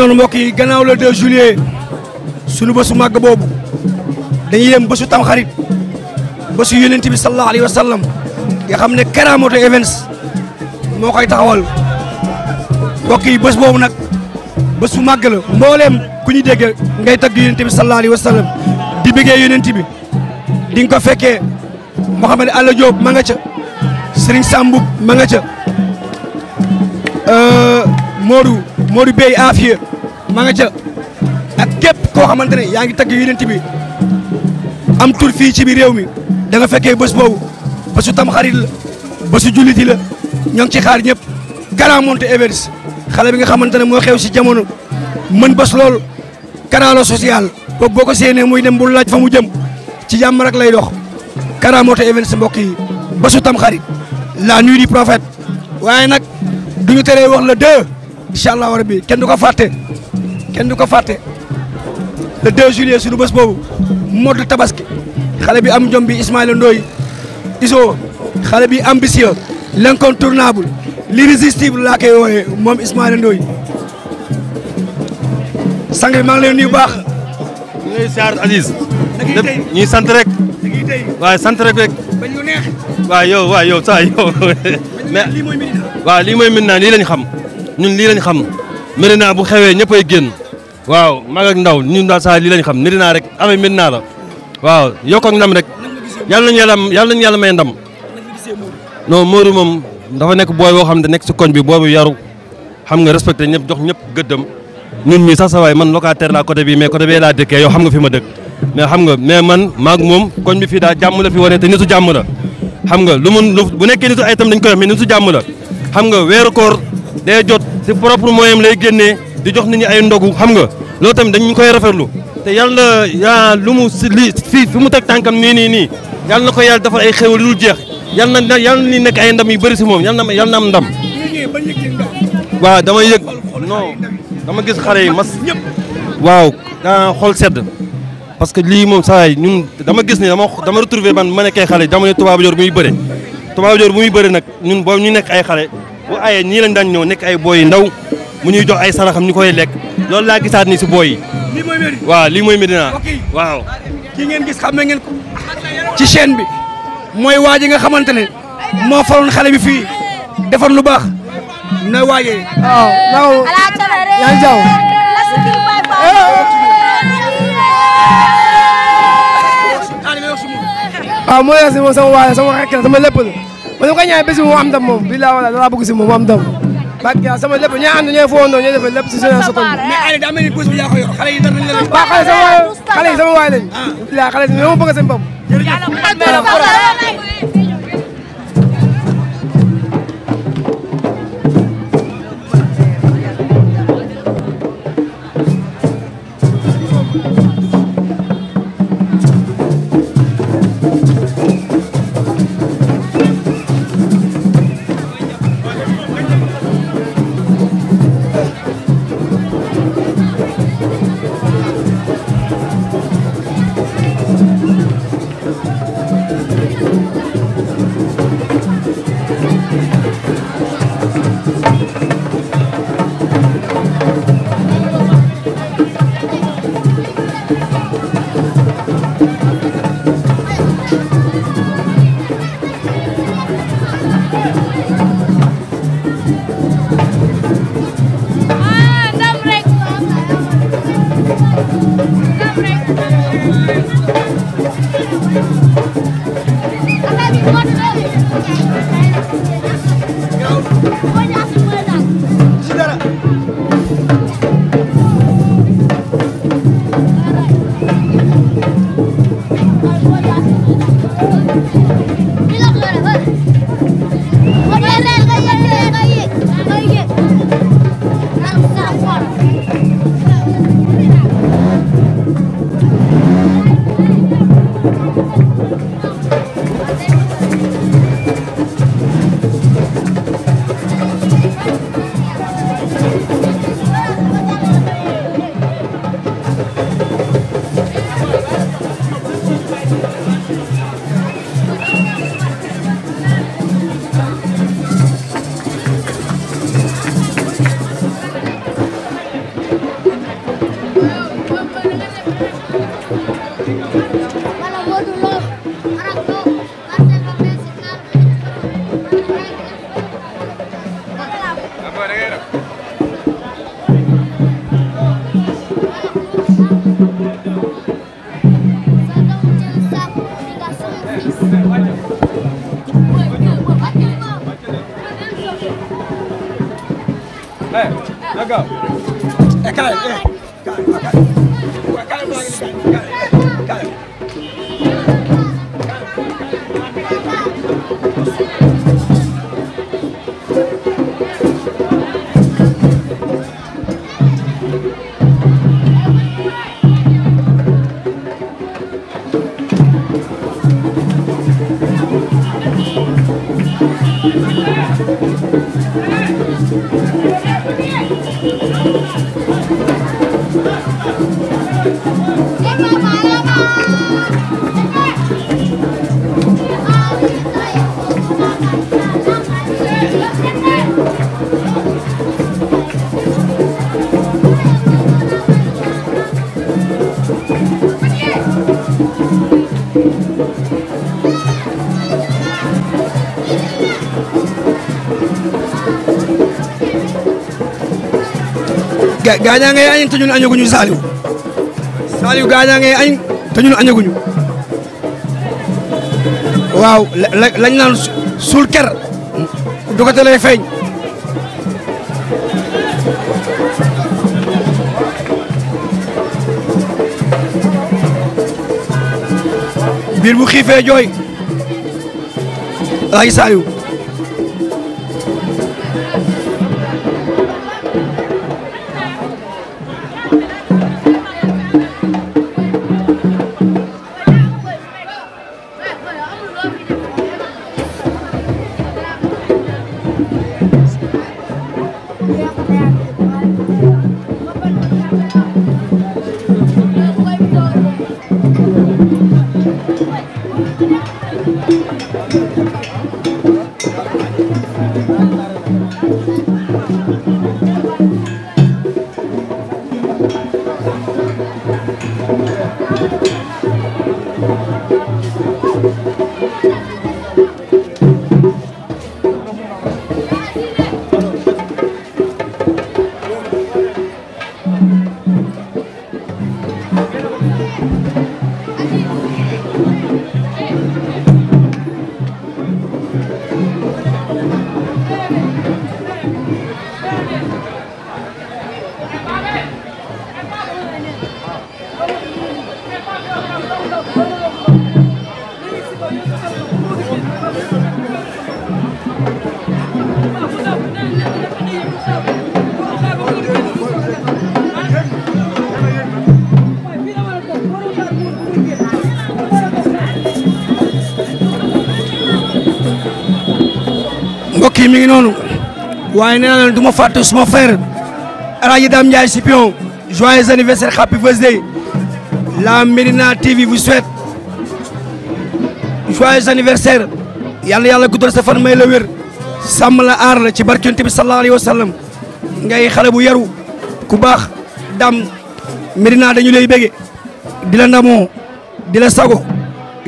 [SPEAKER 1] noonu mbokk yi gannaaw le 2 juillet sunu bésu màgg boobu dañuy yem bésu tamxarit bésu yonent bi sallallahu alayhi wa sallam nga xam ne Kara Moto Events moo koy taxawal mbokk yi bés boobu nag ba màgg la mbooleem ku ñu dégg ngay tagg yonent bi sallallahu alayhi wa sallam di bëggee yonent bi di nga ko fekkee Mouhamed Alla Diop ma nga ca Serigne Sambouk ma nga ca euh, Modou Modou Bey Afia maa nga ca ak képp koo xamante ne yaa ngi tagg yonent bi am tur fii ci biir réew mi da nga fekkee bés boobu bésu tam xarit la bésu jullit yi la ñoo ngi ci xaar ñëpp Grand Monte Everest xale bi nga xamante ne moo xew si jamono mën bés lool canal social kooku boo ko séenee mooy dem bu laaj fa mu jëm ci jàmm rek lay dox Grand Monte Everest mbokk yi bésu tam xarit la nuit du waaye nag duñu teree wax le deux incha allah rabbi kenn du ko fàtte kenn du ko fàtte le 2 juillet suñu bés boobu mode tabaski xale bi am jombi bi Ismaïla Ndoye xale bi ambitieux l'incontournable l'irrésistible laa koy wooyee moom Ismaïla Ndoye sang maa ngi lay
[SPEAKER 7] nuyu sant rek. waaye sant rek rek. bañ lu neex. yow waaw yow saa yow. mais lii mooy Médina. lii mooy Médina lii lañ xam ñun lii lañ xam Médina bu xewee ñëppay génn. waaw mag ak ndaw ñun daal saa lii lañ xam ne dinaa rek amee mën naa la waaw yokk ak ndam rek yàlla nañu yàlla yàlla yàlla may ndam non Modou moom dafa nekk booy boo xam ne nekk si koñ bi boobu yaru xam nga respecté ñëpp jox ñëpp gëddam ñun ñi sax sa waay man locataire laa côté bi mais côté bee laa dëkkee yow xam nga fi ma dëkk mais xam nga mais man maak moom koñ bi fii daal jàmm la fi wane te nitu jàmm xam nga lu mun bu nekkee nitu tam dañ koy wax mais nitu jàmm la xam nga weeru koor jot si propre moyen lay génnee di jox nit ñi ay ndogu xam nga loolu tamit dañu koy rafetlu te yàlla yaa lu mu si li fii fi mu teg tànkam nii nii nii yàlla na ko yàlla defal ay xéwal lu jeex yàlla na yàlla ni nekk ay ndam yu bari si moom yàlla na am ndam. waaw dama yëg non dama gis xale yi mas waaw daa xool sedd parce que lii moom saa yi ñun dama gis ni dama dama retrouvé man ma nekkee xale dama ne tubaab joor bu muy bëre tubaab joor bu muy bëre nag ñun boo ñu nekk ay xale bu ñii lañ daan ñëw nekk ay booy ndaw mu ñuy jox ay saraxam ñu koy lekk loolu laa gisaat ni si booy yi. lii mooy Médina waaw lii mooy ngeen gis xam ngeen ko
[SPEAKER 1] ci chaîne bi mooy waa ji nga xamante ne moo faroon xale bi fii defar lu baax na waajee. waaw naaw
[SPEAKER 3] moo
[SPEAKER 6] yor moom sama waay sama xekkil sama lépp la ma ne ko ñaan bés bi am ndam moom bii
[SPEAKER 1] laa wala laa bëgg si moom mu am ndam. barke sama lépp ñoo ànd ñooy fowandoo ñooy defal lépp si seen soto mais Aliou daa mel ni bés bi yaa ko yor xale yi dañ la ba xale sama xale yi sama
[SPEAKER 6] waay lañ la xale yi ñoo bëgg seen bopp
[SPEAKER 1] ga gaañaa ngay añ te ñun añaguñu Saliou Saliou añ te ñun waaw lañ naan suul ker du feeñ biir bu xiifee jooy laaj Saliou waaye nee na du ma fàtte suma frère El Hadj Dame Ndiaye Sipion joyeux anniversaire happy birthday la Médina TV vous souhaite joyeux anniversaire yàlla yàlla guddal sa fan may la wér sàmm la aar la ci barkante bi sallallahu alayhi wa ngay xale bu yaru ku baax Dame Médina dañu lay bége di ndamoo di sago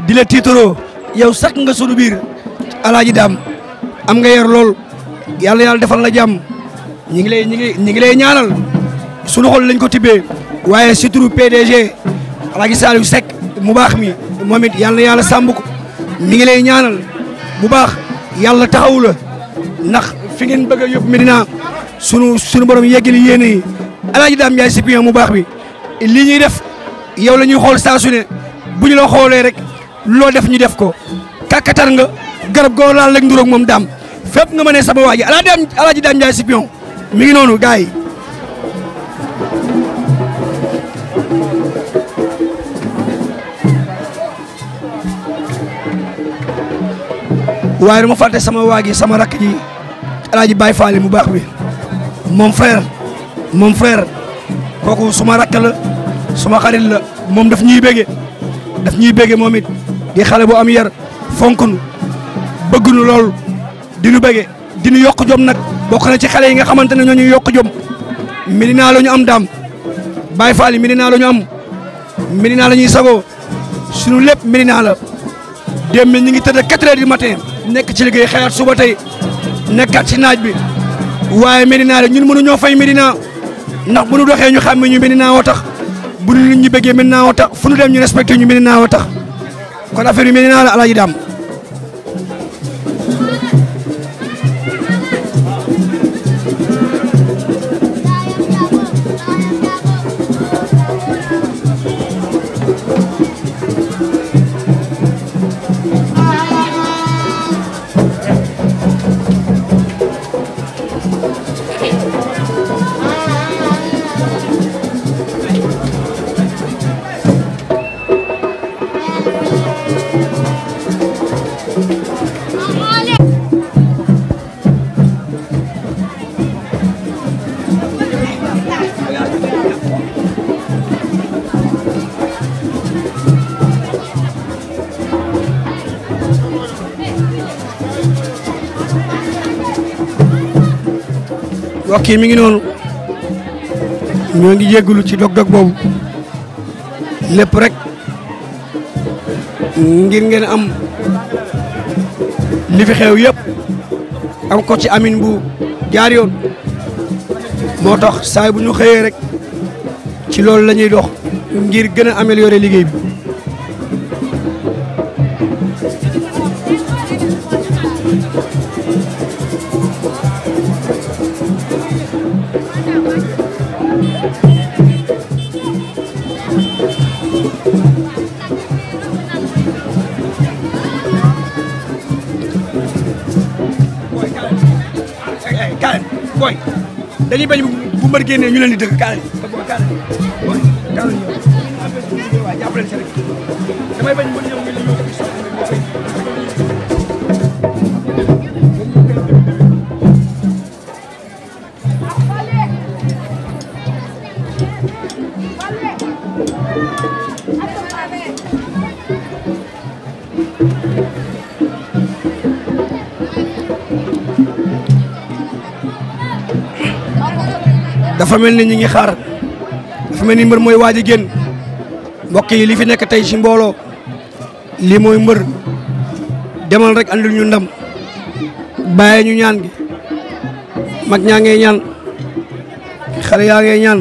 [SPEAKER 1] di la tiitaroo yow sakk nga sunu biir alaaji daam am nga yar lool yàlla yàlla defal la jàmm ñi ngi lay ñi ñi ngi lay ñaanal sunu xol lañ ko tibbee waaye surtout PDG Alaaji Saliou sek mu baax mi moom it yàlla yàlla sàmm ko mi ngi lay ñaanal bu baax yàlla taxawu la ndax fi ngeen bëgg a yóbbu Medina sunu sunu borom yeggali yéen yi Alaaji Daam Njaay Cyprien mu baax mi li ñuy def yow la ñuy xool saa bu ñu la xoolee rek loo def ñu def ko kàkkatar nga garab goo laal rek nduróog moom daam fépp nga ma ne sama waaj ji ala dem alaaji Dame Ndiaye Sipion mi ngi noonu gars yi sama waaj sama rakk ji alaaji Baye Fall mu baax bi moom frère moom frère kooku suma rakk la suma xarit la moom daf ñuy bége daf ñuy bége moom di xale bu am yar fonk nu di nu bëggee di nu yokk jom nag bokk na ci xale yi nga xamante ne ñoo ñuy yokk jom Médina la ñu am daam Baye Fall yi Médina la ñu am Médina la ñuy sagoo suñu lépp Médina la démb ñi ngi tëdd 4 heures du matin nekk ci liggéey xëyaat suba tey nekkaat ci naaj bi waaye Médina la ñun mënu ñoo fay Médina ndax bu nu doxee ñu xàmme ñu Médina woo tax bu nu ñu bëggee Médina woo tax fu nu dem ñu respecté ñu Médina woo tax kon affaire yi Médina la alaaji daam kii mi ngi noonu ñoo ngi yéggalu ci dog-dog boobu lépp rek ngir ngeen am li fi xew yëpp am ko ci amin bu jaar yoon moo tax saay bu ñu xëyee rek ci loolu la ñuy dox ngir gën a améliorer liggéey bi génnee ñu leen di a kaale te boobu kaale kaale mel ni ñi ngi xaar dafa mel ni mbër mooy waaj a génn mbokk yi li fi nekk tey ci mbooloo lii mooy mbër demal rek andil ñu ndam bàyyi ñu ñaan mag ñaa ngay ñaan xale yaa ngay ñaan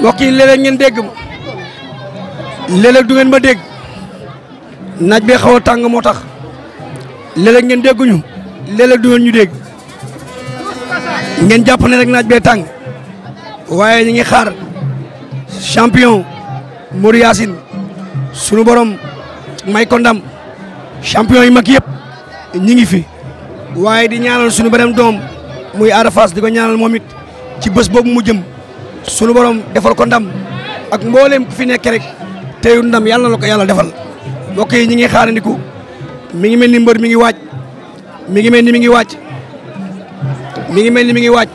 [SPEAKER 1] mbokk yi léeg ngeen dégg ma léeg-léeg du ngeen ma dégg naaj bi xaw a tàng moo tax léeg ngeen dégguñu léeg-léeg du ngeen ñu dégg ngeen jàpp ne rek naaj bee tàng waaye ñu ngi xaar champion Modou may ko ndam champion yi mag yëpp ñi ngi fi waaye di ñaanal suñu beneen doom muy Ada Fass di ko ñaanal moom it ci bés boobu mu jëm suñu borom defal ko ndam ak mbooleem ku fi nekk rek te ndam yàlla na la ko yàlla defal mbokk yi ñi ngi xaarandiku mi ngi mel ni mbër mi ngi waaj mi ngi mel ni mi ngi waaj mi ngi mel ni mi ngi waaj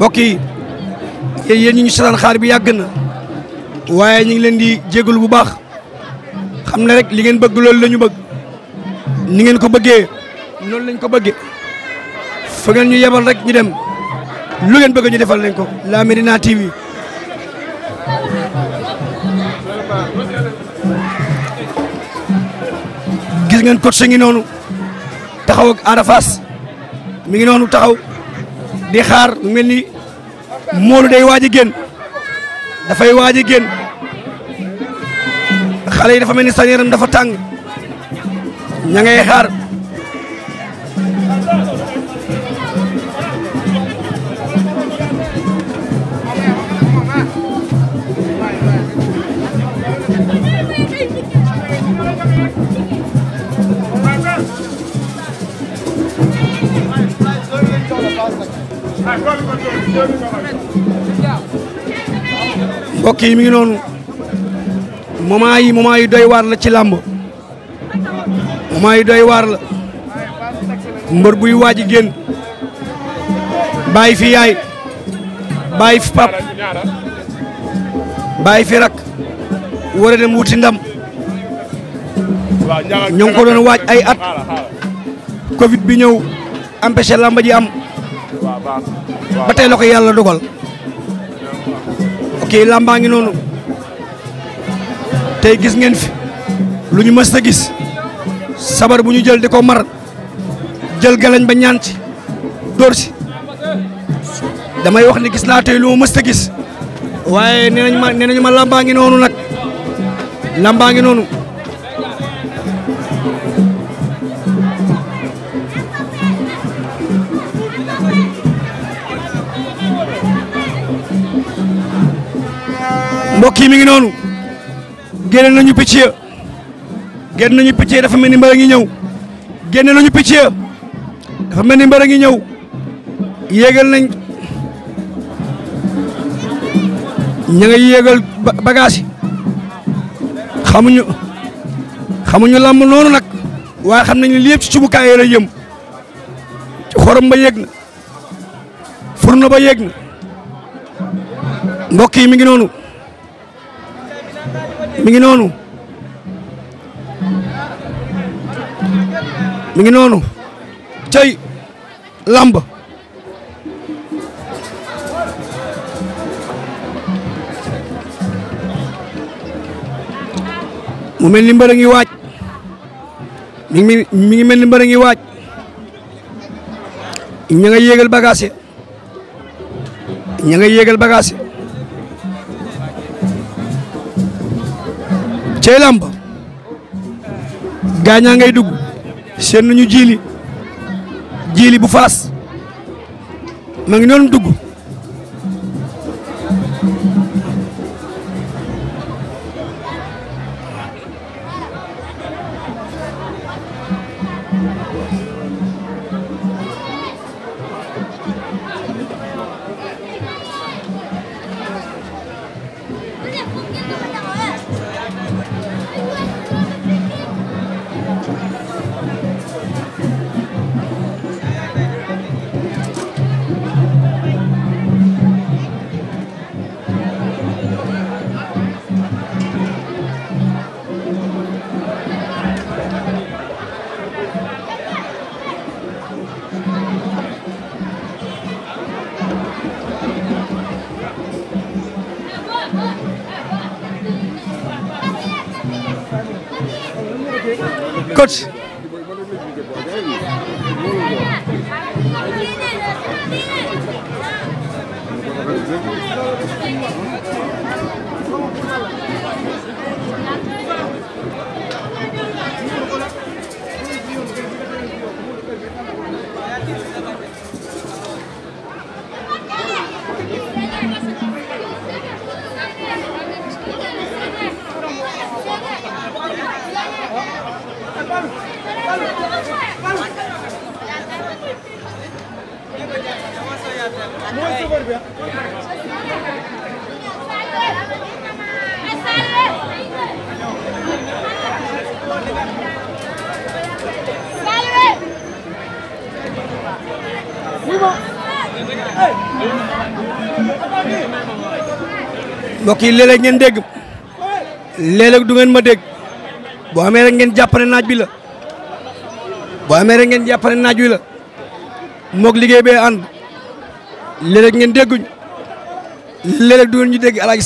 [SPEAKER 1] mbokk yi yéen ñi ñu seetaan bi yàgg na waaye ñu ngi leen di jégalu bu baax xam ne rek li ngeen bëgg loolu la ñu bëgg ni ngeen ko bëggee noonu lañ ko bëggee fa ngeen ñu yebal rek ñu dem lu ngeen bëgg ñu defal lañ ko La Médina TV gis ngeen coach ngi noonu taxaw ak Ada ngi noonu taxaw di xaar mu mel ni moolu dey waaj a génn dafay waaj a génn xale yi dafa mel ni seen dafa tàng ña ngay mbokk yi mi ngi noonu moment yi moment yi doy waar la ci làmb moment yi doy waar la mbër buy waaj a génn bàyyi fi yaay bàyyi fi pap bàyyi fi rak war a dem wuti ndam ñoo ngi doon waaj ay at Covid bi ñëw empêché làmb ji am ba tey la ko yàlla dogal. mbokk yi làmbaa ngi noonu tey gis ngeen fi lu ñu mës a gis sabar bu ñu jël di ko mar jël galeñ ba ñaan ci dóor si damay wax ni gis naa tey lu ma mës a gis waaye nee nañ ma nee nañu ma làmbaa ngi noonu nag làmbaa ngi noonu mbokk yi mi ngi noonu génne nañu picc ya nañu picc ya dafa mel ni mbër a ngi ñëw génne nañu picc dafa mel ni mbër a ngi ñëw yéegal nañ ña yéegal bagage yi xamuñu xamuñu làmb noonu nag waa xam nañu li yëpp ci cubukaay yi la jëm xorom ba na furno ba yéeg na mbokk yi mi ngi noonu mi ngi noonu mi ngi noonu cey lamb mu mel ni mbër a ngi waaj mi ngi mi ngi mel ni mbër a ngi waaj ña yéegal bagage ña nga yéegal bagage cey làmb gaañaa ngay dugg seen nañu jiili jiili bu faas ma ngi noonu dugg mbokk yi léeg ngeen dégg léeg-léeg du ngeen ma dégg boo amee rek ngeen jàpp naaj bi la boo amee ngeen jàpp naaj wi la moog liggéey bee ànd léeg ngeen dégguñ léeg-léeg du ngeen ñu dégg Alaaji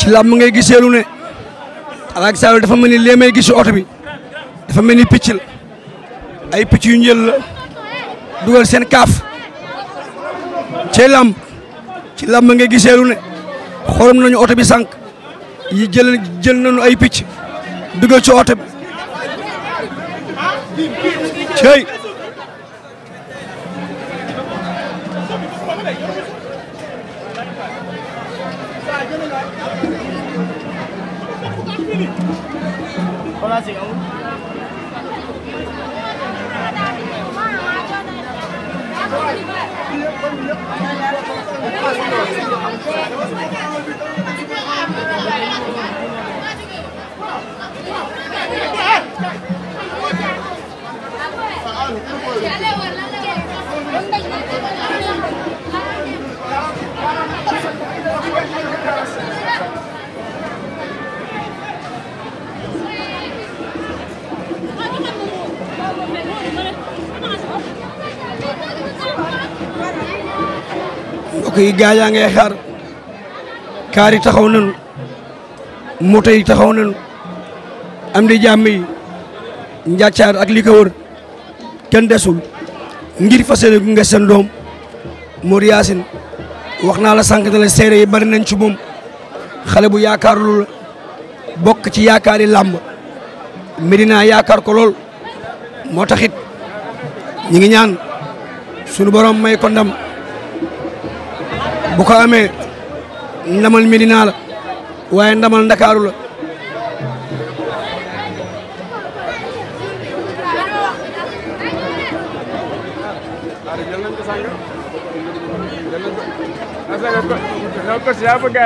[SPEAKER 1] ci làmb ngay gisee lu ne Alaaji Saliou dafa mel ni lee may gis si oto bi dafa mel ni picc ay picc yu njël la dugal seen kaaf. ci lamb ci lamb nga gisee lu ne xorom nañu oto bi sànq yi jël nañu ay picc dugal ci
[SPEAKER 3] bi cey mbokk
[SPEAKER 1] yi gaa yaa ngay xaar kaar yi taxaw nañu moto yi taxaw nañu am di jàmm yi njàccaar ak li kenn desul ngir fas yéene gunge seen doom Mor wax naa la sànq ne la seere yi bari nañ ci moom xale bu yaakaar bokk ci yaakaari làmb Medina yaakaar ko lool moo taxit ñi ngi ñaan sunu borom may ko ndam bu ko amee ndamal Medina la waaye ndamal Ndakaaru la.
[SPEAKER 3] waaw coach yaa bëgg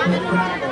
[SPEAKER 3] ay bay